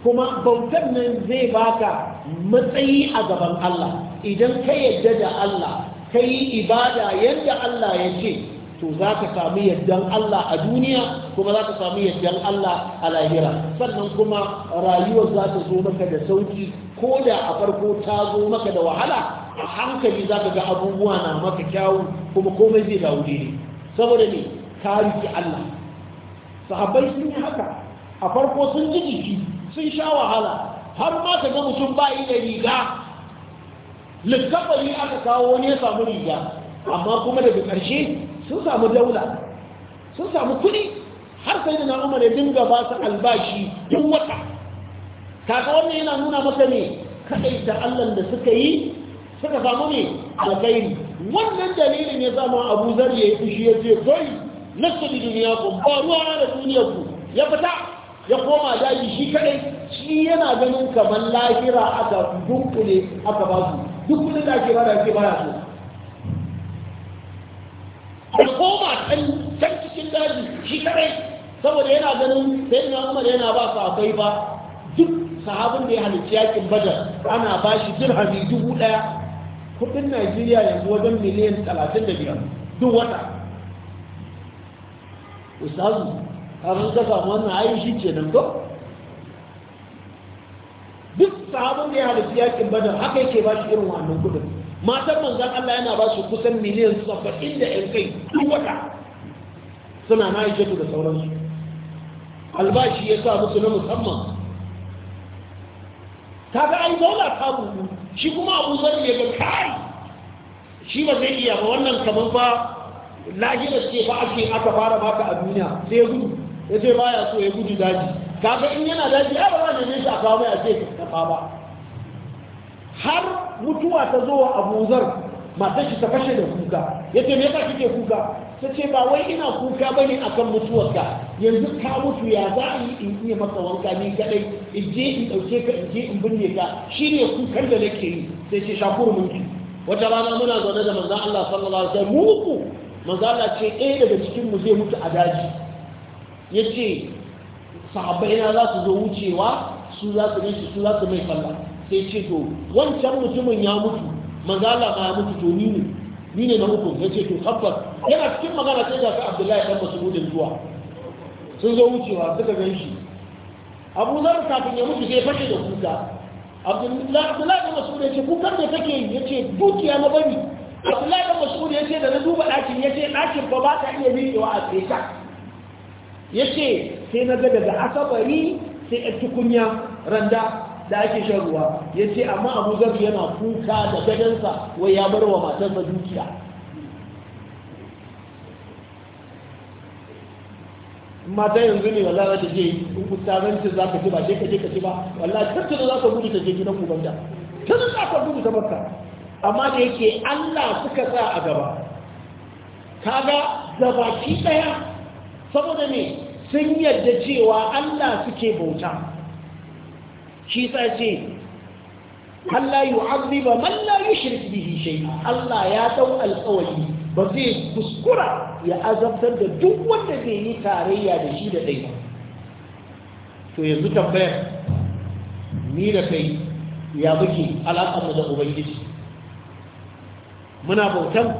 kuma bautan nan zai baka matsayi a gaban Allah idan ka yadda da Allah ka yi ibada yadda Allah ya ce to za ka samu yaddan Allah a duniya kuma za ka samu yaddan Allah a lahira sannan kuma rayuwar za ta zo maka da sauki ko da a farko ta zo maka da wahala a hankali za ka ga abubuwa na maka kyawu kuma komai zai dawo ne saboda ne ka riƙe Allah sahabbai sun yi haka a farko sun ji jiki sun sha wahala har ma ka ga mutum ba da riga littafari aka kawo wani ya samu riga amma kuma daga ƙarshe sun samu daula sun samu kuɗi har sai da na'umar ya dinga ba su albashi duk wata kaga wannan yana nuna maka ne kaɗai ta allan da suka yi suka samu ne alkairi wannan dalilin ya zama abu zar ya yi fushi ya ce kai nasu da duniya ku ba ruwa da duniyar ku ya fita ya koma daji shi kaɗai shi yana ganin kamar lahira aka dunkule aka ba su duk kudin da ake bada ake baya so ya koma can cikin daji shi kaɗai saboda yana ganin sai na umar yana ba su akwai ba duk sahabin da ya halicci yakin badar ana ba shi dirhami dubu ɗaya kudin najeriya yanzu wajen miliyan talatin da biyar duk wata ustazu abin ka samu wannan ayi shi ce nan ko duk sahabin da ya halittu yakin badar haka yake ba shi irin wannan kudin matan manzan Allah yana ba su kusan miliyan saba'in da yan kai duk wata suna na da sauransu albashi ya sa musu na musamman ga an dole ta bugu shi kuma abu zai ya ga kai shi ba zai iya ba wannan kamar ba lahirar ce ba ake aka fara baka a duniya sai ya gudu ya ce ba ya so ya gudu daji kaga in yana daji ya ba ne shi a kawo mai a ce ka ba har mutuwa ta zo wa abuzar matar shi ta fashe da kuka ya ce me yasa ke kuka ta ce ba wai ina kuka ba ne akan mutuwarka yanzu ka mutu ya za a yi in iya masa wanka ni kadai in je in ɗauke ka in je in binne ka shi ne kukan da nake yi sai ce shakuru mulki wata rana muna zaune da manzan Allah sallallahu alaihi wasallam mu uku manzan Allah ce ɗaya daga cikin mu zai mutu a daji ya ce sahabbai na za su zo wucewa su za su nishi su za su mai falla sai ce to wancan mutumin ya mutu manzala ma ya mutu to ni ne ni ne na hukun ya ce to tabbas yana cikin magana sai ga ka abdullahi dan masudin zuwa sun zo wucewa suka gan shi abu zar kafin ya mutu sai fashe da kuka abdullahi dan masudin ya ce kukan da take yi ya ce dukiya na bari abdullahi dan masudin ya ce da na duba ɗakin ya ce ɗakin ba ba ta iya miƙewa a tsaye ya ce sai na ga da asabari sai a tukunya randa da ake shan ruwa ya ce amma abu zafi yana kuka da gadansa wai ya bar wa matarsa dukiya mata yanzu ne wallah za ta je in kusaranci za ka ji ba sai ka je ka ci ba wallah tattara za ka gudu ta je gidan ubanta tun za ka gudu ta makka amma da yake allah suka sa a gaba kaga gabaki daya saboda ne sun yadda cewa Allah suke bauta shi sa ce Allah yu'azziba man la bihi Allah ya dau alƙawari ba zai kuskura ya azabtar da duk wanda zai yi tarayya da shi da dai to yanzu tambayar ni da kai ya muke alaƙarmu da ubangiji muna bautan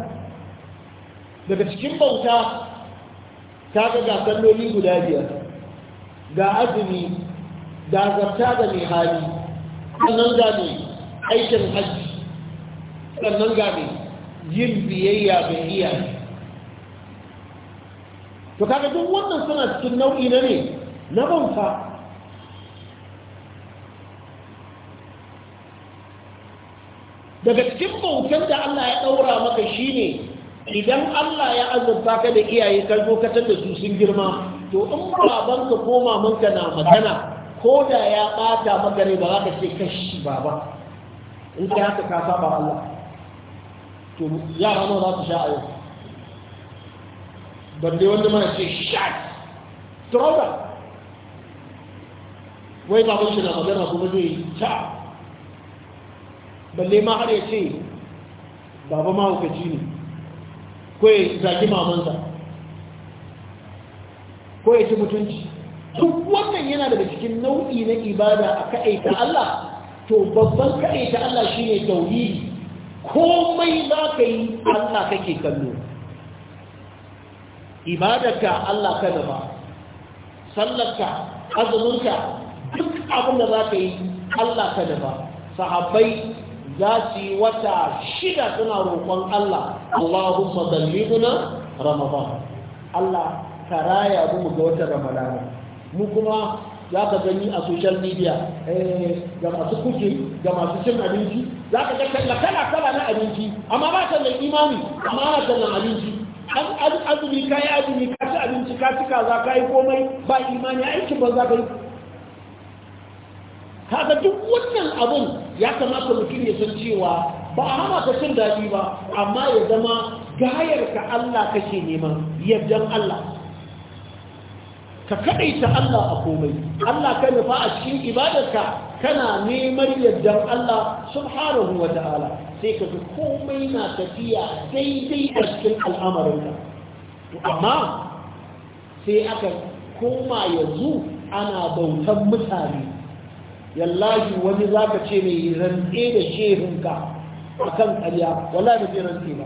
daga cikin bauta kaga ga salloli guda biyar ga azumi ga zarta da mai hali sannan ga mai aikin hajji sannan ga mai yin biyayya ga iyaye to kaga duk wannan suna cikin nau'i na ne na bauta daga cikin bautan da Allah ya ɗaura maka shine idan Allah ya azurta ka da iyaye ka zo katar da su sun girma to in ka ko manka na magana ko da ya bata maka ne ba za ka ce kashi baba in ka haka ka saba Allah to yara nawa za su sha a yau dai wanda mana ce shat trouble wai baban shi na magana kuma zai yi ta balle ma har ya ce baba ma mahaukaci ne ko ya zaki mamansa ko ci mutunci duk wannan yana daga cikin nau'i na ibada a ka'aita Allah to babban ka'aita Allah shine tauhidi komai za ka yi Allah kake kallo ibadarka Allah ka ba sallarka azuminka duk abin da za ka yi Allah ka ba sahabbai za su yi wata shida suna roƙon Allah Allahumma balighna ramadan Allah ka raya mu ga watan ramadan mu kuma za ka gani a social media eh, ga masu kuki ga masu cin abinci za ka ga kala kala na abinci amma ba ta da imani amma ba ta da abinci azumi ka yi azumi ka ci abinci ka ci kaza ka yi komai ba imani aikin ba za ka yi kaga duk wannan abun ya kamata mutum ya san cewa ba a hana ka cin daɗi ba amma ya zama gayar ka Allah kake nema yardan Allah ka kaɗaita Allah a komai Allah ka nufa a cikin ibadarka kana neman yardan Allah subhanahu wa ta'ala sai ka ga komai na tafiya daidai a cikin al'amarinka amma sai aka koma yanzu ana bautan mutane yallahi wani za ka ce mai rantse da ka a kan ƙarya wala da zai rantse ba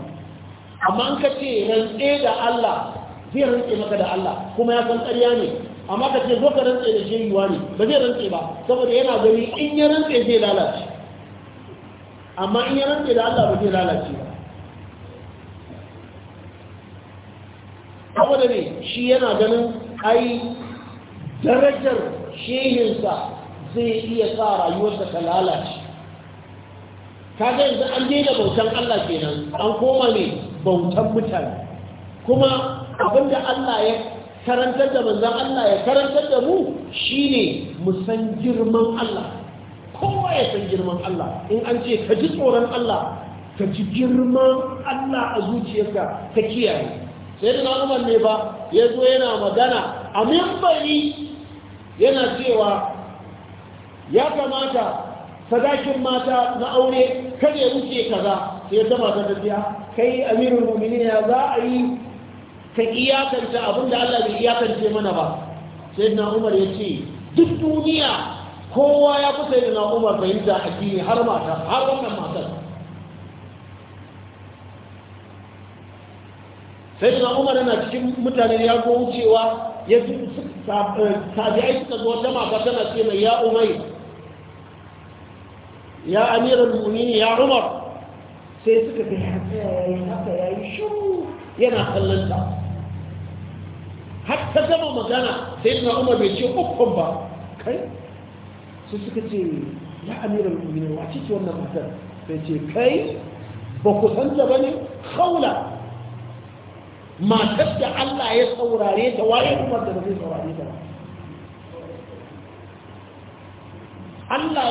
amma an ka ce rantse da Allah zai rantse maka da Allah kuma ya san ƙarya ne amma ka ce zo ka rantse da shehiwa ne ba zai rantse ba saboda yana gani in ya rantse zai lalace amma in ya rantse da Allah ba zai lalace ba saboda ne shi yana ganin ai darajar shehinsa zai iya sa rayuwarsa ta lalace kaga yanzu an daina bautan Allah kenan an koma ne bautan mutane kuma abinda Allah ya karantar da manzan Allah ya karantar da mu shi ne musan girman Allah kowa ya san girman Allah in an ce ka ji tsoron Allah ka ji girman Allah a zuciyarka ka kiyaye sai da na'umar ne ba ya zo yana magana a mimbari yana cewa ya kamata sadakin mata na aure kada ya wuce kaza sai ya zama ta biya kai amirul mu'minin ya za a yi ka iyakance abin da Allah bai iyakance mana ba sai na Umar ya ce duk duniya kowa ya fi sai na Umar fahimta addini har mata har wannan matar sai na Umar yana cikin mutane ya go wucewa ya tabi'ai suka zo wata mata tana ce mai ya umai ya amiran mumini ya umar sai suka ga ya tsaya haka ya yi shiru yana kallon ta har ta gama magana sai na umar bai ce ukun ba kai sai suka ce ya amiran mumini wace ce wannan matar sai ce kai ba ku santa ba ne kaula matar da Allah ya saurare ta waye kuma da zai saurare ta Allah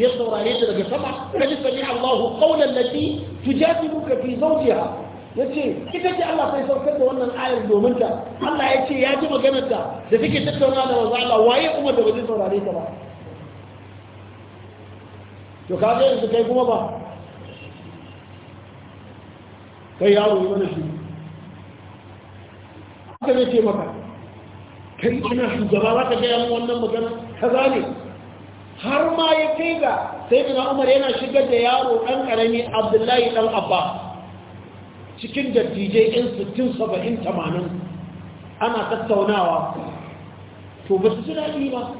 ya saurare ta daga sama kaji sami Allahu qawlan lati tujadiluka fi zawjiha yace ita ce Allah sai saukar da wannan ayar domin ta Allah ya ce ya ji maganar ta da take tattauna da manzo Allah waye kuma da zai saurare ta ba to kaga yanzu kai kuma ba kai yawo yi mana shi haka zai ce maka kai ina shugaba za ka gaya mu wannan magana kaza ne har ma ya kai ga sai da umar yana shigar da yaro ɗan ƙarami abdullahi ɗan abba cikin dattijai ɗin sittin saba'in tamanin ana tattaunawa to ba su yi ba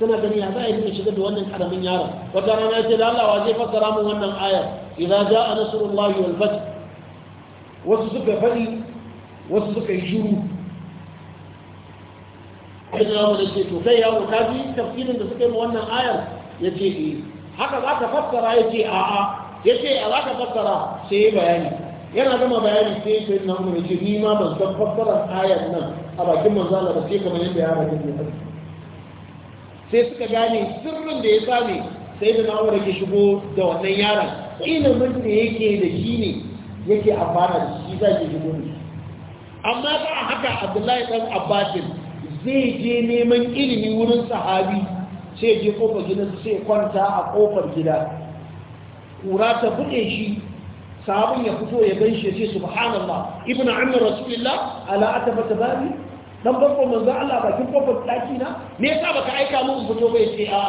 suna gani ya za a yi shigar da wannan ƙaramin yaron wata rana ce da allawa zai fassara mu wannan ayar idan za a nasarullahi wal wasu suka faɗi wasu suka yi shuru sai da mu ce to kai yawo ka ji tafsirin da suka yi wannan ayar yace eh haka za ka fassara yace a a ce a za ka fassara sai bayani yana gama bayani sai sai na mu ce ni ma ban san fassarar ayar nan a bakin manzo Allah ba sai kamar yadda ya ke ne sai suka gane sirrin da ya same sai da na'ura ke shigo da wannan yaron ilimin da yake da shi ne yake amfana da shi zai shigo da shi amma ba haka abdullahi dan abbasin zai je neman ilimi wurin sahabi sai je kofar gidan sai kwanta a kofar gida kura ta buɗe shi sahabin ya fito ya gan shi sai subhanallah ibn amir rasulillah ala atabata babi dan farko manzo Allah bakin kofar daki na me yasa baka aika mu in fito bai ce a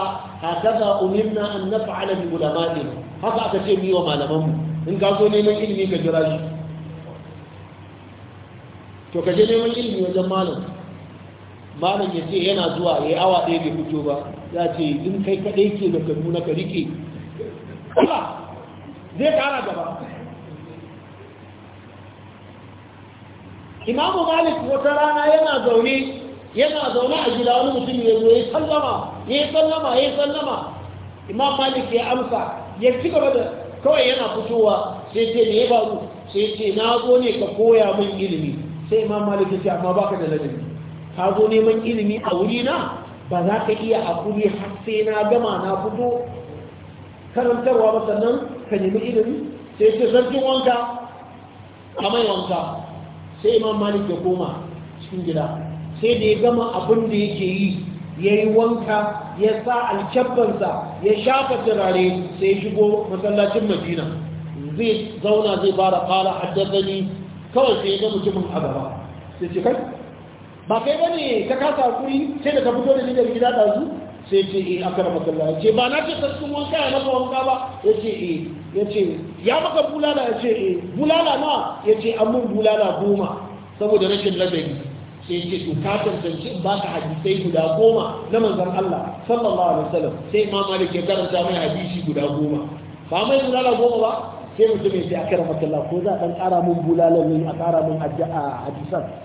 hakaza umirna an naf'ala bi ulama'in haka aka ce mu yi wa malaman mu in ka zo neman ilimi ka jira shi to ka je neman ilimi wajen malam malam ya ce yana zuwa ya yi awa ɗaya bai fito ba ya ce in kai kaɗai ke da kanu na karike Allah zai ƙara gaba imamu malik wata rana yana zaune yana zaune a gida wani mutum ya zo ya sallama ya sallama ya sallama imam malik ya amsa ya ci gaba da kawai yana fitowa sai ce ne ya faru sai ce na zo ne ka koya min ilimi sai imam malik ya ce amma baka da ladabi ka zo neman ilimi a wuri na ba za ka iya hakuri har sai na gama na fito karantarwa ba sannan ka nemi ilimi sai ce sarkin wanka a mai wanka sai imam malik ya koma cikin gida sai da ya gama abin da yake yi ya yi wanka ya sa alkyabbansa ya shafa turare sai ya shigo masallacin madina zai zauna zai fara fara haddazani kawai sai ya ga mutumin a gaba sai ce kai ba kai bane ka kasa hakuri sai da ka fito da ni daga gida su? sai ce eh aka rama kalla ce ba na ce sassun wanka ya maka wanka ba ya ce eh ya ce ya maka bulala ya ce eh bulala na ya ce an mun bulala goma saboda rashin ladabi sai ya ce to ka tantance in baka hadisai guda goma na manzon Allah sallallahu alaihi wasallam sai imam Malik ya karanta mai hadisi guda goma ba mai bulala goma ba sai mutum ya ce aka rama kalla ko za a dan kara mun bulala ne a kara mun addu'a hadisan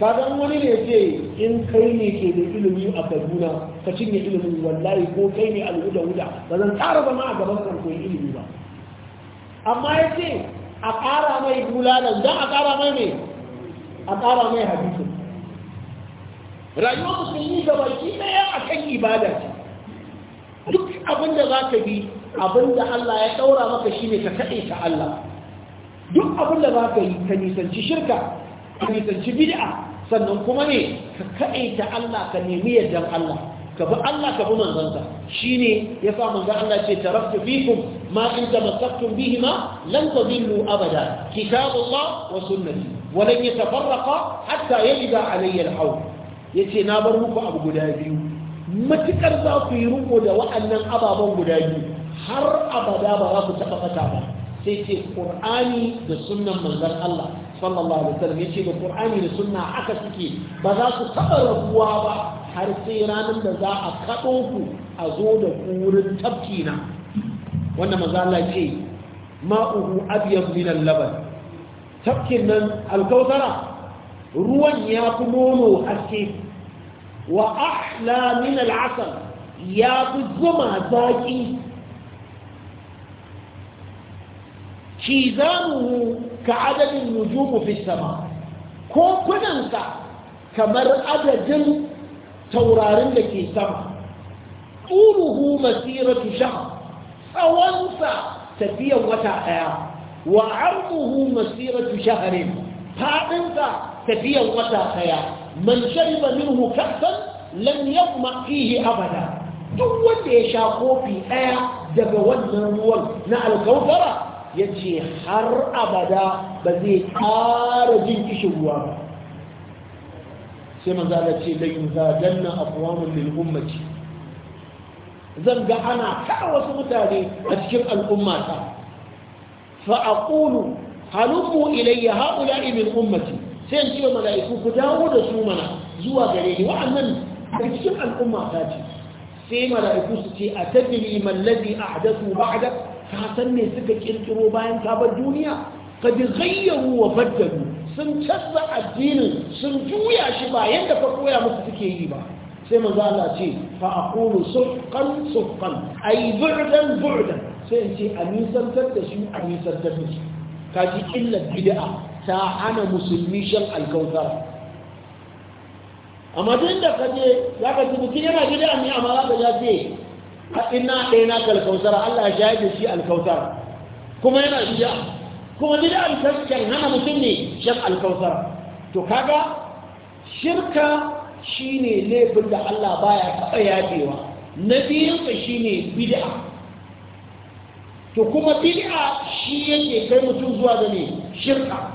Kadan wani ne ce in kai ne ke da ilimi a kaduna ka cinye ilimin wallahi ko kai ne al'uda wuda ba zan tsara zama a gaban kan koyi ilimi ba amma ya ce a ƙara mai bulalan don a ƙara mai ne a ƙara mai hadisin rayuwar musulmi da baki ɗaya a kan ibada ce duk abin da za ka bi abin da Allah ya ɗaura maka shi ne ka kaɗe ka Allah duk abin da za ka yi ka nisanci shirka ka nisanci bid'a sannan kuma ne ka kaɗaita Allah ka nemi yardan Allah ka bi Allah ka bi manzansa shine yasa manzon Allah ce taraktu fikum ما إن تمسكتم بهما لن تضلوا أبدا كتاب الله وسنتي ولن يتفرق حتى يجد علي الحول yace na bar muku abu guda biyu matukar za ku yi riko da wa'annan ababen guda biyu har abada ba za ku taɓa fata ba sai ce ƙur'ani da sunnan manzon Allah sallallahu alaihi wasallam yace da Qur'ani da sunna haka suke ba za su taɓa rabuwa ba har sai ranar da za a kaɗo ku a zo da ku wurin tafki na wanda maza Allah ce ma'uhu abyad min al-laban tafkin nan alkautara ruwan ya fi nono haske wa ahla min al-asal ya fi zuma zaƙi kizanuhu ka adadin nujumu fi sama ko kunansa kamar adadin taurarin da ke sama turuhu masiratu shahr tsawonsa tafiyan wata ɗaya wa arduhu masiratu shahrin faɗinsa tafiyan wata ɗaya man shariba minhu kasan lam yaqma fihi abada duk wanda ya sha kofi ɗaya daga wannan ruwan na alkautara ya ce har abada ba zai ƙara jin kishin ruwa ba sai manzala ce da yin zagen na afuwamun lil ummaci zan ga ana a wasu mutane a cikin al'ummata fa'aƙulu halummu ilayya haƙula ibin ummaci sai ce mala'iku ku dawo da su mana zuwa gare ni wa'annan da cikin al'ummata ce sai mala'iku su ce a tajiri mallabi a hadasu ba'adak ka san me suka kirkiro bayan ka bar duniya ka bi ghayyaru wa baddalu sun canza addinin sun juya shi ba yadda ka koya musu suke yi ba sai manzo Allah ce fa aqulu suqqan suqqan ay bu'dan bu'dan sai ce a nisan da shi a nisan da shi Ka kaji illar bid'a ta hana musulmi shan alkautar amma duk da ka kaje zaka ji mutum yana bid'a ne amma zaka ya ce haɗin na ɗaya na kalkausar Allah ya shayar da shi alkausar kuma yana biya kuma duk alkausar hana mutum ne shan alkausar to kaga shirka ne laifin da Allah baya taɓa yafewa na shi ne bid'a to kuma bid'a shi yake kai mutum zuwa da ne shirka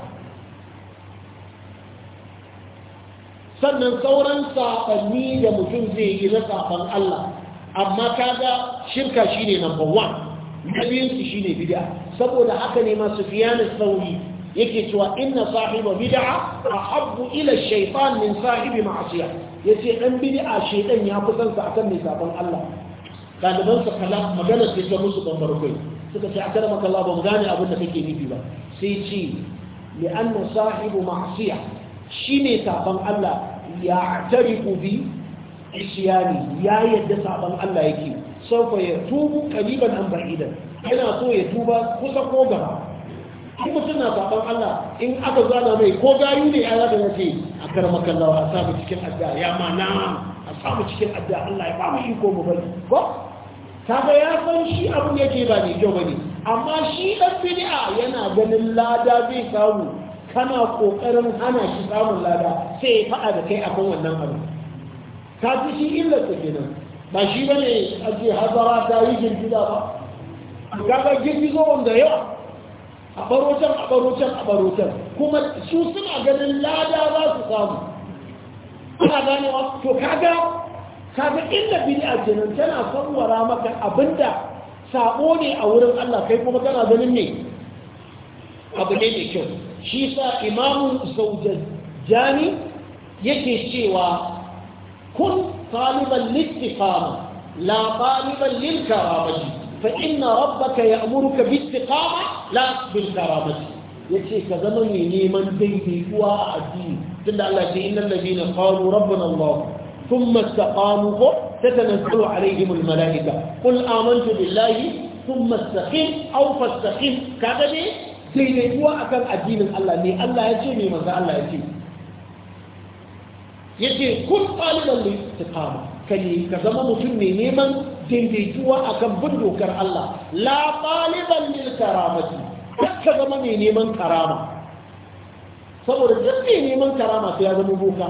sannan sauran saɓanni da mutum zai yi na saɓan Allah amma kaga shirka shine number 1 na biyun shine bid'a saboda haka ne ma Sufyan sauri yake cewa inna sahiba bid'a ahabbu ila shaytan min sahibi ma'siyah yace dan bid'a shaytan ya kusan sa akan mai sabon Allah daliban sa kala magana sai ta musu bambar kai suka ce akaramaka Allah ban gane abin da kake nufi ba sai ce li anna sahibu ma'siyah shine sabon Allah ya tariku bi isyani ya yadda sabon Allah yake saufa ya tubu kaliban an ba'idan yana so ya tuba kusa ko gaba in mutum na Allah in aka zana mai ko gari ne ya na yace a kar kallawa a samu cikin addu'a ya ma na a samu cikin addu'a Allah ya ba mu iko mu bari ko ga ya san shi abin yake ba ne kyau bane amma shi dan bid'a yana ganin lada zai samu kana ƙoƙarin hana shi samun lada sai ya faɗa da kai akan wannan abu ka ji shi illar ta kenan ba shi bane ake hazara ta yi girgiza ba kaga girgizo wanda yawa a barocan a barocan a barocan kuma su suna ganin lada za su samu ana ganewa to kaga kaga illa a kenan tana sanwara maka abinda sabo ne a wurin Allah kai kuma kana ganin ne abu ne mai kyau shi sa imamu zaujajjani yake cewa كن طالبا للاستقامة لا طالبا للكرامة فإن ربك يأمرك بالاستقامة لا بالكرامة يكفي كزمن نيمان ديدي هو الدين تدل على إن الذين قالوا ربنا الله ثم استقاموا تتنزل عليهم الملائكة قل آمنت بالله ثم استقيم أو فاستقيم كذا ديدي هو أكل الدين الله ني الله يجي ني الله يجي yace kun qalilan istiqama kani ka ka zama mutum mai neman daidaituwa akan bin dokar Allah la qalilan lil karamati ka zama mai neman karama saboda duk mai neman karama sai ya zama boka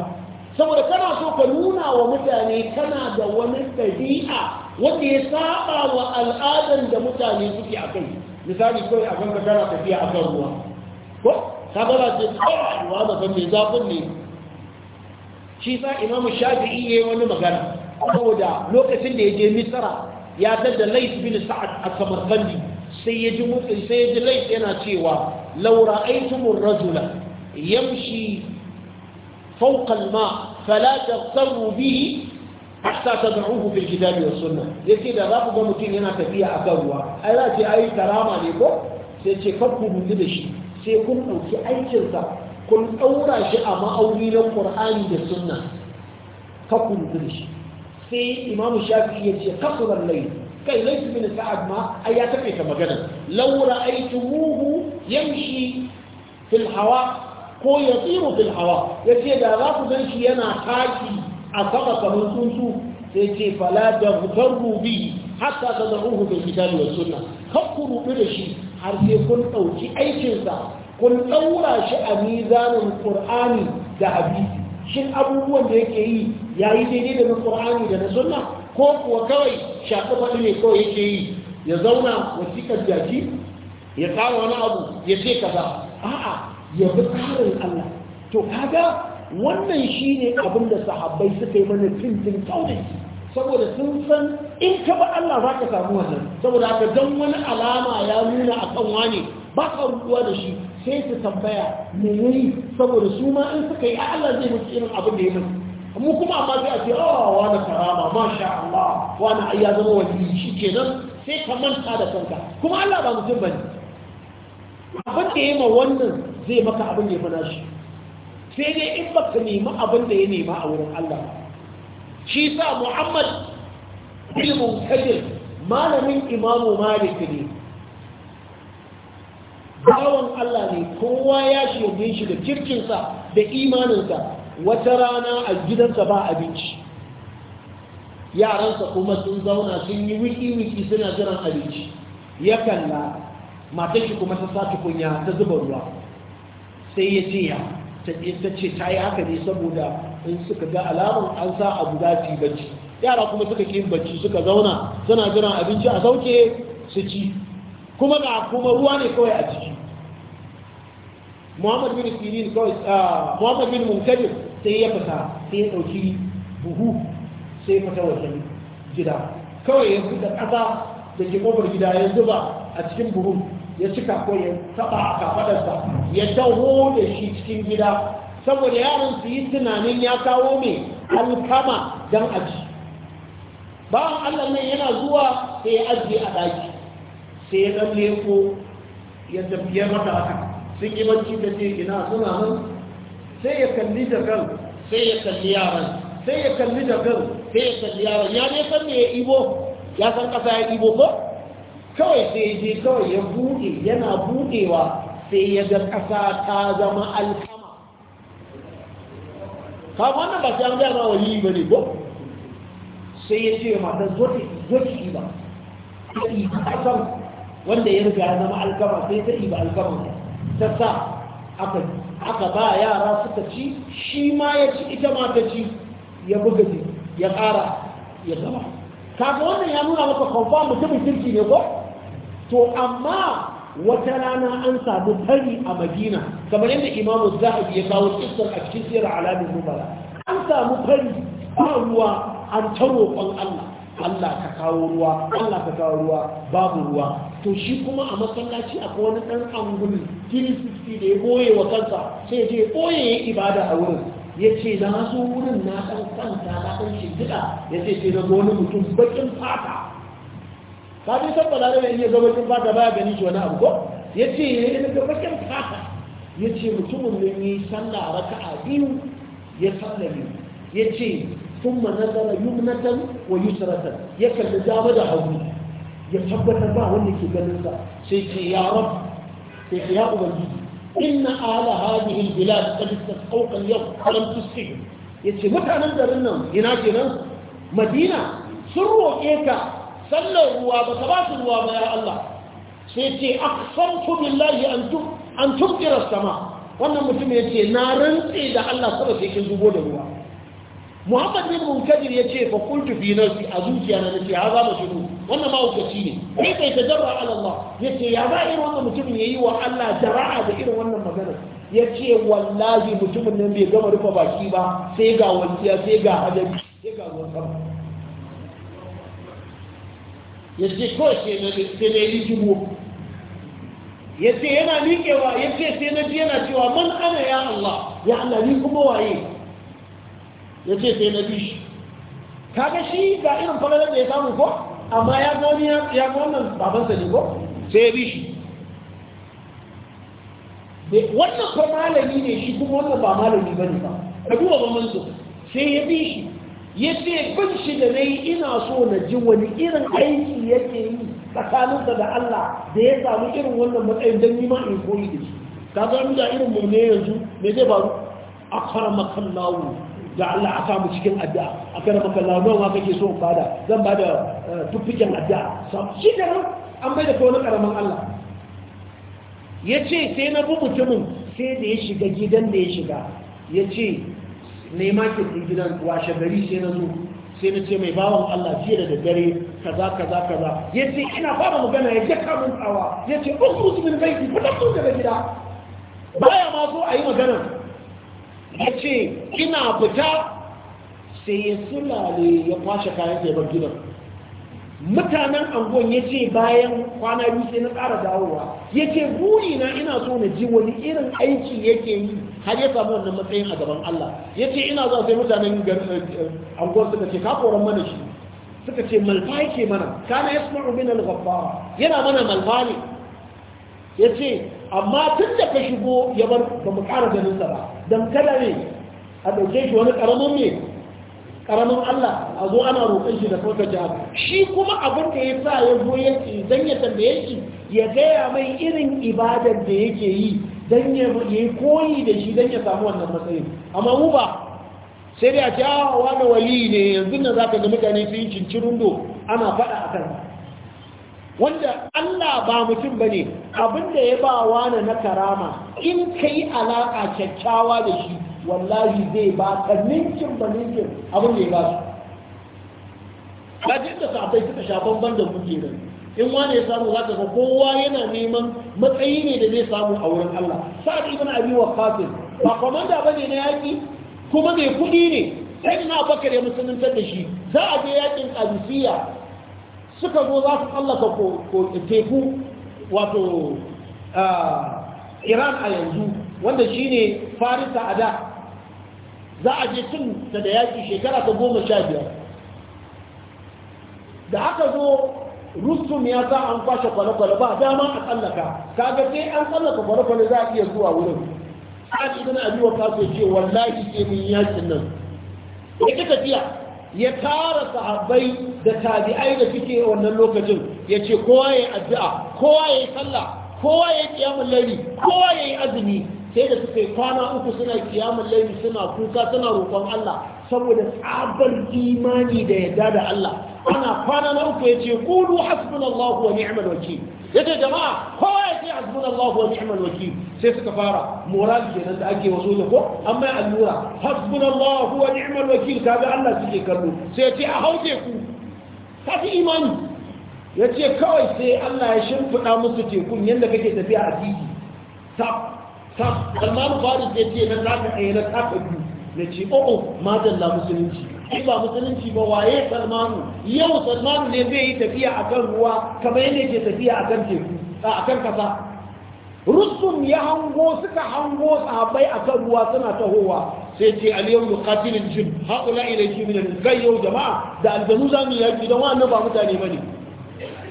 saboda kana so ka nuna wa mutane kana da wani ɗabi'a wanda ya saba wa al'adar da mutane suke a kai misali kawai a kan ka kana tafiya a kan ruwa ko ka gana ce kawai ruwa da kan mai zafin ne shi sa imamu shafi'i yayi wani magana saboda lokacin da ya je misra ya tada lais bin sa'ad a samarkandi sai ya ji mutsin sai ya ji lais yana cewa laura aitumun rajula yamshi fauqal ma fala taqtaru bihi hatta tad'uhu bil kitabi was sunna yace da za ku ga mutum yana tafiya a kan ruwa ai za ce ai karama ne ko sai ce kar ku da shi sai kun ɗauki aikinsa kun ɗaura shi a ma'auni na ƙur'ani da sunna ka kun shi sai imamu shafi ya ce kasuran lai kai laifi min sa'ad ma ai ya taɓe ta magana laura aiki muhu yamshi fil hawa ko ya tsiro fil hawa ya ce da za ku gan shi yana taki a sama kamar tsuntsu sai ce fala da hutar rubi hatta ta za'uhu bil kitabi wa sunna kakku rubi da shi har sai kun ɗauki aikinsa kun ɗaura shi a mizanin ƙur'ani da hadisi shin abubuwan da yake yi ya yi daidai da na ƙur'ani da na sunna ko kuwa kawai shaƙi baɗi ne kawai yake yi ya zauna wasiƙar jaki ya tsara wani abu ya ce kaza a'a ya bi tsarin Allah to kaga wannan shine abin da sahabbai suka yi mana tintin kaunin saboda sun san in ka ba Allah za ka samu wannan saboda haka don wani alama ya nuna a kan wani ba ka rubuwa da shi sai su tambaya mu yayi saboda su ma in suka yi a Allah zai musu irin abin da ya musu mu kuma amma zai a ce oh wani karama masha Allah wani ai ya zama wani shi kenan sai ka manta da kanka kuma Allah ba mutum bane abin da ya ma wannan zai maka abin da ya fana shi sai dai in baka nemi abin da ya nema a wurin Allah shi sa Muhammad ilmun kadir malamin imamu Malik ne bawan Allah ne kowa ya shirye shi da kirkinsa da imaninsa wata rana a gidansa ba abinci yaransa kuma sun zauna sun yi wiki-wiki suna jiran abinci ya kalla matan shi kuma ta sake kunya ta zuba ruwa sai ya ce ya ta ce ta yi haka ne saboda in suka ga alamun an sa abu za su bacci yara kuma suka ke bacci suka zauna suna jiran abinci a sauke su ci kuma ga kuma ruwa ne kawai a ciki muhammad bin sirin kawai uh, muhammad bin munkadir sai ya fita sai ya dauki buhu sai fita wajen gida kawai ya buɗe ƙasa da ke kofar gida ya zuba a cikin buhu ya cika ko ya taba a kafadarsa ya taho da shi cikin gida saboda yaron su yi tunanin ya kawo mai alkama don aji bawan allah nan yana zuwa sai ya ajiye a ɗaki sai ya ɗan leko ya tafiye mata haka sun yi bacci da ce ina suna nan sai ya kalli da kan sai ya kalli yaran sai ya kalli da kan sai ya kalli yaran ya ne san ya ibo ya san kasa ya ibo ko kawai sai je kawai ya buɗe yana buɗewa sai ya ga kasa ta zama alkama kama wannan ba sai an gaya ma wali ba ne ko sai ya ce ma dan zoki zoti ba ta ibi kasan wanda ya riga zama alkama sai ta iba alkama ta sa aka ba yara suka ci shi ma ya ci ita ma ta ci ya buga ji ya kara ya zama kaga wannan ya nuna maka kwamfa mutumin kirki ne ko to amma wata rana an samu fari a madina kamar yadda imamu zahabi ya kawo kisar a cikin siyar alamin mubara an samu fari ba ruwa an ta roƙon allah allah ka kawo ruwa allah ka kawo ruwa babu ruwa to shi kuma a masallaci akwai wani ɗan anguli gini da ya boye wa kansa sai ce boye ya ibada a wurin ya ce na so wurin na ɗan kanta na ɗan shekida ya ce ce na gona mutum bakin fata ba dai san ba zai iya ga bakin fata ba ya gani shi wani abu ko ya ce ne ina bakin fata ya ce mutumin da ya yi sallah a raka a biyu ya sallah ne. ya ce sun ma nazara yunatan wa yusratan ya kalli dama da hagu ya tabbatar ba wanda ke ganin sa sai ce ya rabu sai ka ya ubangiji inna ala hadhihi albilad qad tasawqa al-yawm lam tusqihim yace mutanen garin nan ina kenan madina sun roƙe ka sallar ruwa ba ka ba su ruwa ba ya Allah sai ce aqsamtu billahi an tu an sama wannan mutum yace na rantse da Allah saboda sai kin zubo da ruwa Muhammad bin Munkadir yace fa qultu fi nafsi a zuciya na nace haza ba shi wannan mahaukaci ne sai kai ta jarra ala Allah ya ce ya ba irin wannan mutumin ya yi wa Allah jara'a da irin wannan magana ya ce wallahi mutumin nan bai gama rufe baki ba sai ga wanciya sai ga hadari sai ga ruwan sama ya ce ko sai na yi jibo ya ce yana miƙewa ya ce sai na ji yana cewa man ana ya Allah ya Allah ni kuma waye ya ce sai na bi shi ga shi ga irin falalar da ya samu ko amma ya ga ya ga wannan babansa ne ko sai bi shi wannan ko malami ne shi kuma wannan ba malami ba ne ba ka duba ba so. sai ya bi shi ya ce bin shi da na yi ina so na ji wani irin aiki yake yi tsakaninsa da Allah da ya samu irin wannan matsayin don nima in koyi da shi ka ga da irin mu ne yanzu me zai faru a makallahu da Allah a samu cikin addu'a a kan maka launin wa kake so bada zan bada eh, tuffikin addu'a shi da an bai da kawai karamin Allah ya ce sai na bi mutumin sai da ya shiga gidan da ya shiga ya ce nema ke ɗin gidan washe gari sai na zo sai na ce mai bawan Allah jiya da daddare kaza kaza kaza ya ce ina fara magana ya jaka min tsawa ya ce ɗan musulmin gaiki fitattu daga gida baya ma so a yi maganar ya ce ina fita sai ya sulale ya kwashe kayan bar gidan mutanen angon ya ce bayan kwana biyu sai na tsara dawowa ya ce na ina so na ji wani irin aiki yake yi har ya samu wannan matsayin a gaban Allah ya ce ina zuwa sai mutanen eh, angon suka ce kakoron mana shi suka ce malfa yake mana kana ya suna rubin al yana mana malfa ne ya ce amma tun da ka shigo ya bar ba mu kara ganin sa ba don kada ne a ɗauke shi wani ƙaramin ne ƙaramin Allah a zo ana roƙon shi da farko jihar shi kuma abin da ya sa ya zo ya dan ya tambaye shi ya gaya mai irin ibadar da yake yi dan ya yi koyi da shi dan ya samu wannan matsayin amma mu ba sai dai a ce a ah, wani wali ne yanzu nan za ka ga mutane sun yi cincirundo ana faɗa a kansa wanda Allah ba mutum ba ne abinda ya ba wani na karama in ka yi alaƙa kyakkyawa da shi wallahi zai ba ka ninkin ba ninkin abin da ya ba su kaji da sabai suka sha bamban da kuke nan in wani ya samu za ka ga kowa yana neman matsayi ne da zai samu a wurin Allah sa'ad ibn abi waqasin ba komanda bane na yaki kuma mai kuɗi ne sai na bakar ya musulunta da shi za a je yakin qadisiyya suka zo za su tsallaka teku wato iran a yanzu wanda shi ne farisa a da za a je cin ta da yaƙi shekara ta goma sha biyar da aka zo rustum ya sa an kwashe kwale-kwale ba dama a tsallaka kaga sai an tsallaka kwale-kwale za a iya zuwa wurin sa'ad ibn abi waqas ya ce wallahi yakin nan ya kika tafiya ya tara sahabbai da tabi'ai da suke wannan lokacin ya ce kowa ya addu'a kowa ya yi sallah kowa ya yi kiyamun laili kowa ya yi azumi sai da suka yi kwana uku suna kiyamun laili suna kuka suna roƙon Allah saboda tsabar imani da yadda da Allah ana kwana na uku yace kulu hasbunallahu wa ni'mal wakil Yace jama'a kowa yace hasbunallahu wa ni'mal wakil sai suka fara moral kenan da ake wasu da ko an mai allura hasbunallahu wa ni'mal wakil kaga Allah suke kallo sai ya ce a hauke ku kafi imani yace kawai sai Allah ya shimfiɗa musu tekun yadda kake tafiya a titi tap tap kalmar faris ya ce na taka ɗaya na taka biyu na ce o'o oh, oh, madalla musulunci in ba musulunci ba waye salmanu yau salmanu ne zai yi tafiya a kan ruwa kamar yadda ke tafiya a kan teku a kan kasa rusum ya hango suka hango sahabbai a kan ruwa suna tahowa sai ce aliyau da katilin jin haƙula ilaihi min kai yau jama'a da aljanu za mu yaki don wannan ba mutane ba ne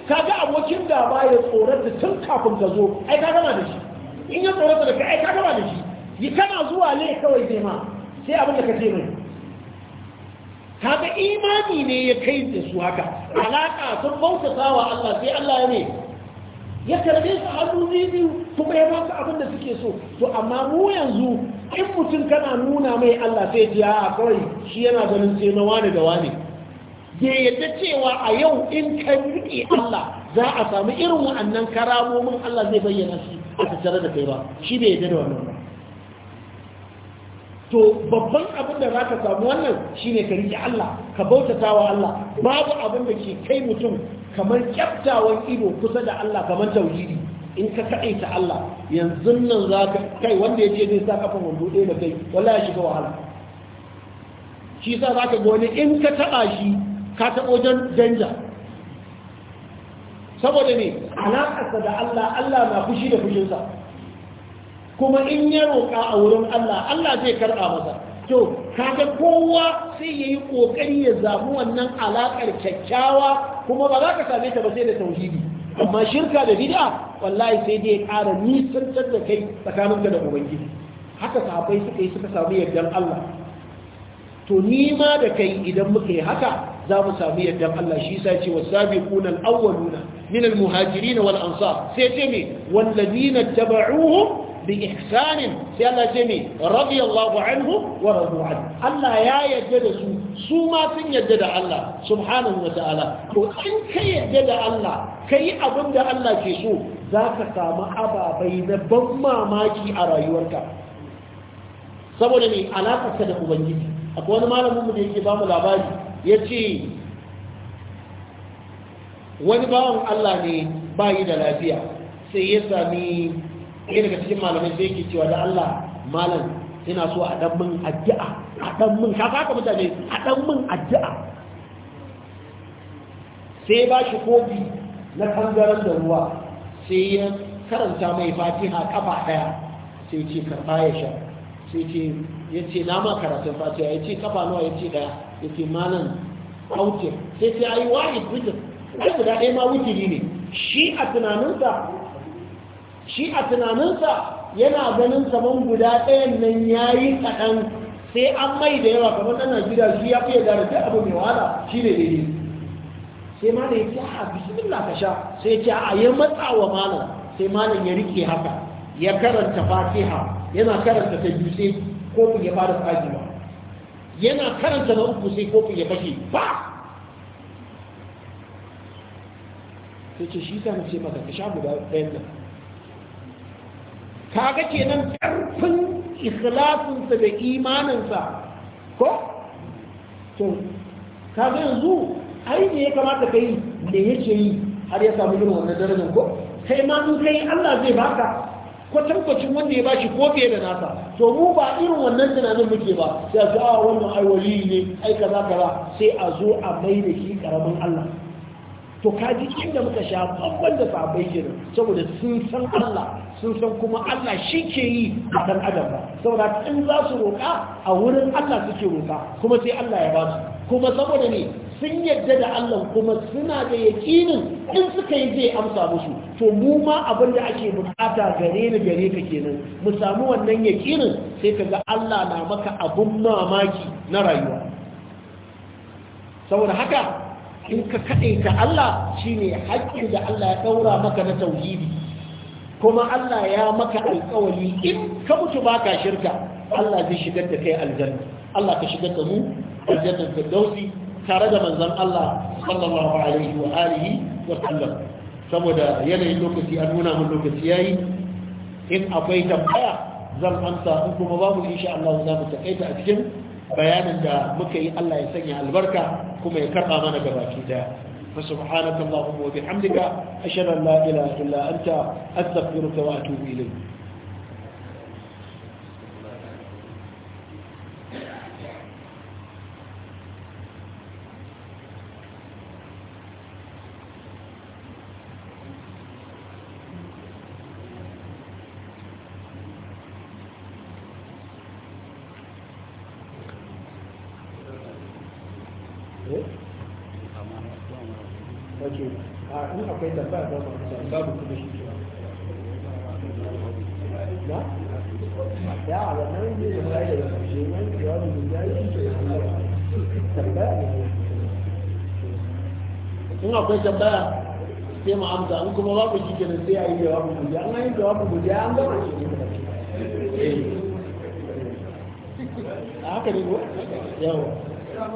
ga abokin da ba ya tsorata tun kafin ka zo ai ka gama da shi in ya tsorata da kai ai ka gama da shi kana zuwa ne kawai zai ma sai abin da ka ce mai Haka imani ne ya kai da su haka alaka sun bauta sawa Allah sai Allah ya ne ya karbe su hannu biyu kuma ya ba abin da suke so to amma mu yanzu in mutum kana nuna mai Allah sai ji a kawai shi yana ganin sai na wani da wani ya yadda cewa a yau in ka riƙe Allah za a samu irin wa'annan karamomin Allah zai bayyana shi a tattare da kai ba shi bai yadda da wannan ba to babban abin da za ka samu wannan shi ne ka riƙe Allah ka bautata wa Allah babu abin da ke kai mutum kamar kyaftawan ido kusa da Allah kamar tauhidi in ka kaɗaita Allah yanzu nan za ka kai wanda ya ce zai sa kafin wando ɗaya da kai wala ya shiga wahala shi sa za ka wani in ka taɓa shi ka taɓa wajen danja saboda ne alaƙarsa da Allah Allah na fushi da fushinsa kuma in ya roƙa a wurin Allah Allah zai karɓa masa to kaga kowa sai ya yi ƙoƙari ya zaɓi wannan alaƙar kyakkyawa kuma ba za ka same ta ba sai da tauhidi amma shirka da bid'a wallahi sai dai ya ƙara nisantar da kai tsakaninka da ubangiji haka sahabbai suka yi suka samu Allah to ni ma da kai idan muka yi haka za mu sami yadda Allah shi sa ce wasabiquna alawwaluna min almuhajirin wal ansar sai ce me wallazina tabauhum bi ihsanin sai Allah ne radiyallahu anhu wa radu Allah ya yarda da su su ma sun yarda da Allah subhanahu wa ta'ala to in ka yarda da Allah kai abin da Allah ke so zaka samu ababai na ban mamaki a rayuwarta. saboda ne alakarka da ubangiji akwai wani malamin mu da yake ba mu labari yace wani bawan Allah ne bayi da lafiya sai ya sami ɗaya daga cikin malamai zai yake cewa da Allah malam yana so a dan min addu'a a dan min ka haka mutane a dan min addu'a sai ba shi kofi na kangaren da ruwa sai ya karanta mai fatiha kafa daya sai ce ka ya sha sai ce ya ce na ma karatun fatiha ya ce kafa nawa ya ce daya ya ce malam kauce sai sai ayi wahid wujud ai guda ɗaya ma wujudi ne shi a tunaninsa shi a tunaninsa yana ganin saman guda ɗayan nan ya yi kaɗan sai an mai da yawa kamar ɗan gida shi ya fiye gara ta abu mai wahala shi ne daidai sai ma da ya ce a bismillah ka sha sai ya ce a yi matsa wa malam sai malam ya rike haka ya karanta fatiha yana karanta ta biyu sai kofin ya fara ba yana karanta na uku sai kofin ya fashe ba sai ce shi sa na ce maka ka sha guda ɗayan nan kaga kenan karfin ikhlasinsa da imaninsa ko to kaga yanzu ai ne ya kamata kai da yake yi har ya samu irin wannan darajar ko kai ma in kai Allah zai baka kwatankwacin wanda ya bashi ko fiye da nasa to mu ba irin wannan tunanin muke ba sai a ce a ah, wannan ai wali ne ai kaza kaza sai a zo a mai da shi karamin Allah to kaji inda muka sha babban da sabai kenan saboda sun san Allah sun san kuma Allah shi ke yi a kan adam ba saboda in za su roƙa a wurin Allah suke roƙa kuma sai Allah ya ba su kuma saboda ne sun yadda da Allah kuma suna da yaƙinin in suka yi zai amsa musu to mu ma abin da ake bukata gare ni gare ka kenan mu samu wannan yaƙinin sai ka ga Allah na maka abun mamaki na rayuwa saboda haka in ka kaɗe ka Allah shine haƙƙin da Allah ya ɗaura maka na tauhidi kuma Allah ya maka alƙawari in ka mutu baka shirka Allah zai shigar da kai aljanna Allah ka shigar da mu aljanna firdausi tare da manzon Allah sallallahu alaihi wa alihi wa sallam saboda yanayin lokaci an nuna mun lokaci yayi in akwai tambaya zan amsa in kuma babu insha Allah za mu takaita a cikin bayanin da muka yi Allah ya sanya albarka kuma ya karba mana gabaki daya فسبحانك اللهم وبحمدك أشهد أن لا إله إلا أنت أستغفرك وأتوب إليك akwai tambaya sai amsa an kuma babu shi kenan sai eh. ko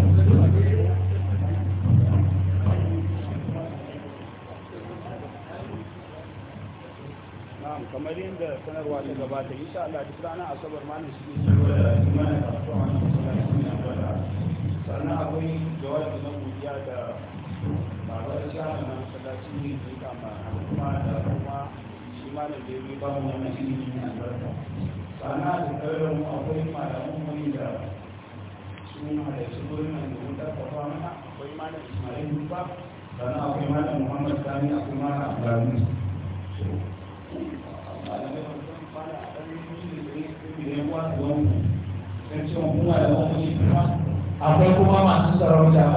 kamar yadda sanarwa ta gabata insha Allah duk ranar asabar ma ne su ne su da mana karatu a wannan masallaci na gwada sannan akwai jawabi na godiya da babar shahan na masallaci ne da ya kama kuma da kuma shi ma da ya yi ba mu wannan ilimi ne albarka sannan a tsakarar mu akwai malamun wani da suna da su gurin nan da wuta kafa mana akwai malam Ismail Rufa sannan akwai malam Muhammad Sani akwai malam Abdulaziz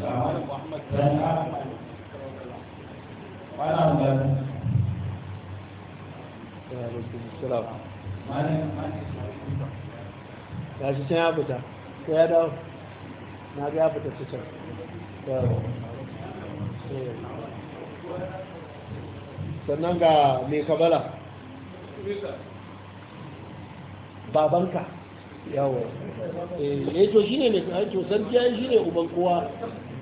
ga can ya fita ya dawo na ga ya sannan ga mai kabala babanka yawon eh, eh, to ne mai to sarki yayi shine uban kowa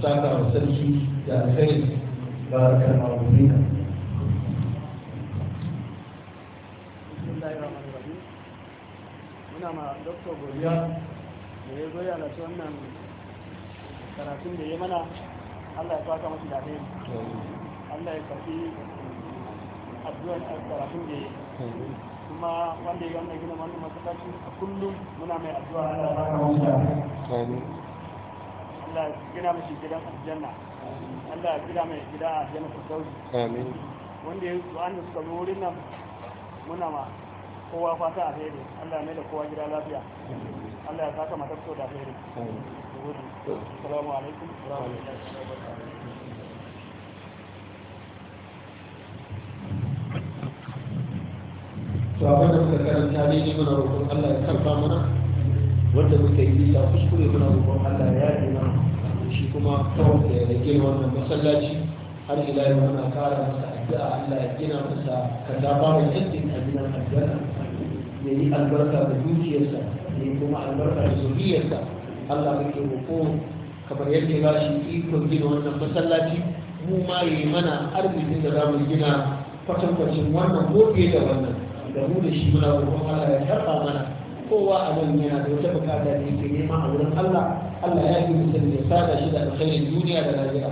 saka wa sarki da alkhairi barakar ma'amurina muna ma doktor godiya da ya zo yana ci wannan karatun da ya mana allah ya saka masu daɗe allah ya karfi addu'ar karatun da ya kuma wanda ya gina wannan masallaci a kullum muna mai addu'a allah ya saka masu daɗe Allah ya gina mashi gidan aljanna Allah mai gida a jannatul sauri amin wanda ya suka zo wurin nan muna ma kowa fata a Allah ya mai da kowa gida lafiya Allah ya saka mata so da assalamu alaikum wa rahmatullahi to abin da muka karanta ne ne Allah ya karba mana wanda muka yi bisa kuskure muna roƙon Allah ya yi mana shi kuma kawai da ya gina wannan masallaci har ila yau ana kara masa addu'a Allah ya gina masa kaza fara yankin a gidan aljanna ya yi albarka da dukiyarsa ya yi kuma albarka da zuriyarsa Allah muke roƙo kamar yadda ya ikon gina wannan masallaci mu ma yi mana arziki da za mu gina kwatankwacin wannan ko da wannan da mu da shi muna roƙon Allah ya karɓa mana kowa a nan yana da wata bukata da yake nema a wurin Allah Allah ya yi mutum ya sada shi da alkhairin duniya da lahira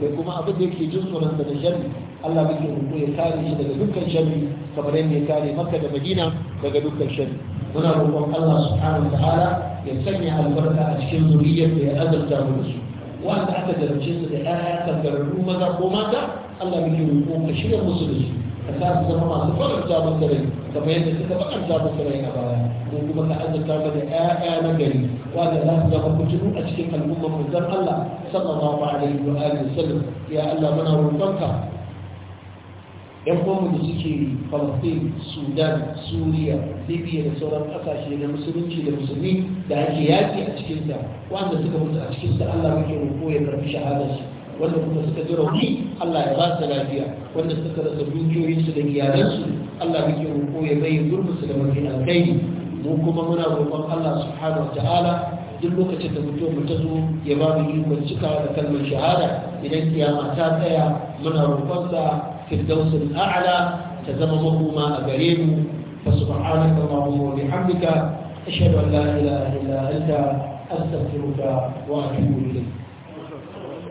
da kuma abin da yake jin tsoron da sharri Allah muke roƙo ya kare shi daga dukkan sharri kamar yadda ya kare Makka da Madina daga dukkan sharri muna roƙon Allah subhanahu ta'ala ya sanya albarka a cikin zuriyar da ya azurta mu da su wanda aka zarce su da ƴaƴa kangararru maza ko mata Allah muke roƙo ka shirya musu da su ka sa su zama masu faranta maka rai kamar yadda suka bakanta ku kuma a baya ko kuma ka azurta mu da ƴaƴa na gari wanda za su zama kujiru a cikin al'ummar mu Allah sallallahu alaihi wa alihi wasallam ya Allah muna roƙonka yan uwanmu da suke Palestine, Sudan, Suriya, Libya da sauran ƙasashe na musulunci da musulmi da ake yaƙi a cikinsa wanda suka mutu a cikinsa Allah muke roƙo ya karɓi shahadarsu wanda kuma suka ji rauni Allah ya ba su lafiya wanda suka rasa dukiyoyinsu da iyalansu Allah muke roƙo ya bai gurbin su da mafi alkai mu kuma muna roƙon Allah subhanahu ta'ala duk lokacin da mutum mu ta zo ya ba mu ikon cika da kalmar shahada idan kiyama ta tsaya muna roƙon sa firdausul a'la ta zama mahuma a gare mu fa subhanaka allahumma wa bihamdika ashhadu an la ilaha illa anta astaghfiruka wa atubu ilayk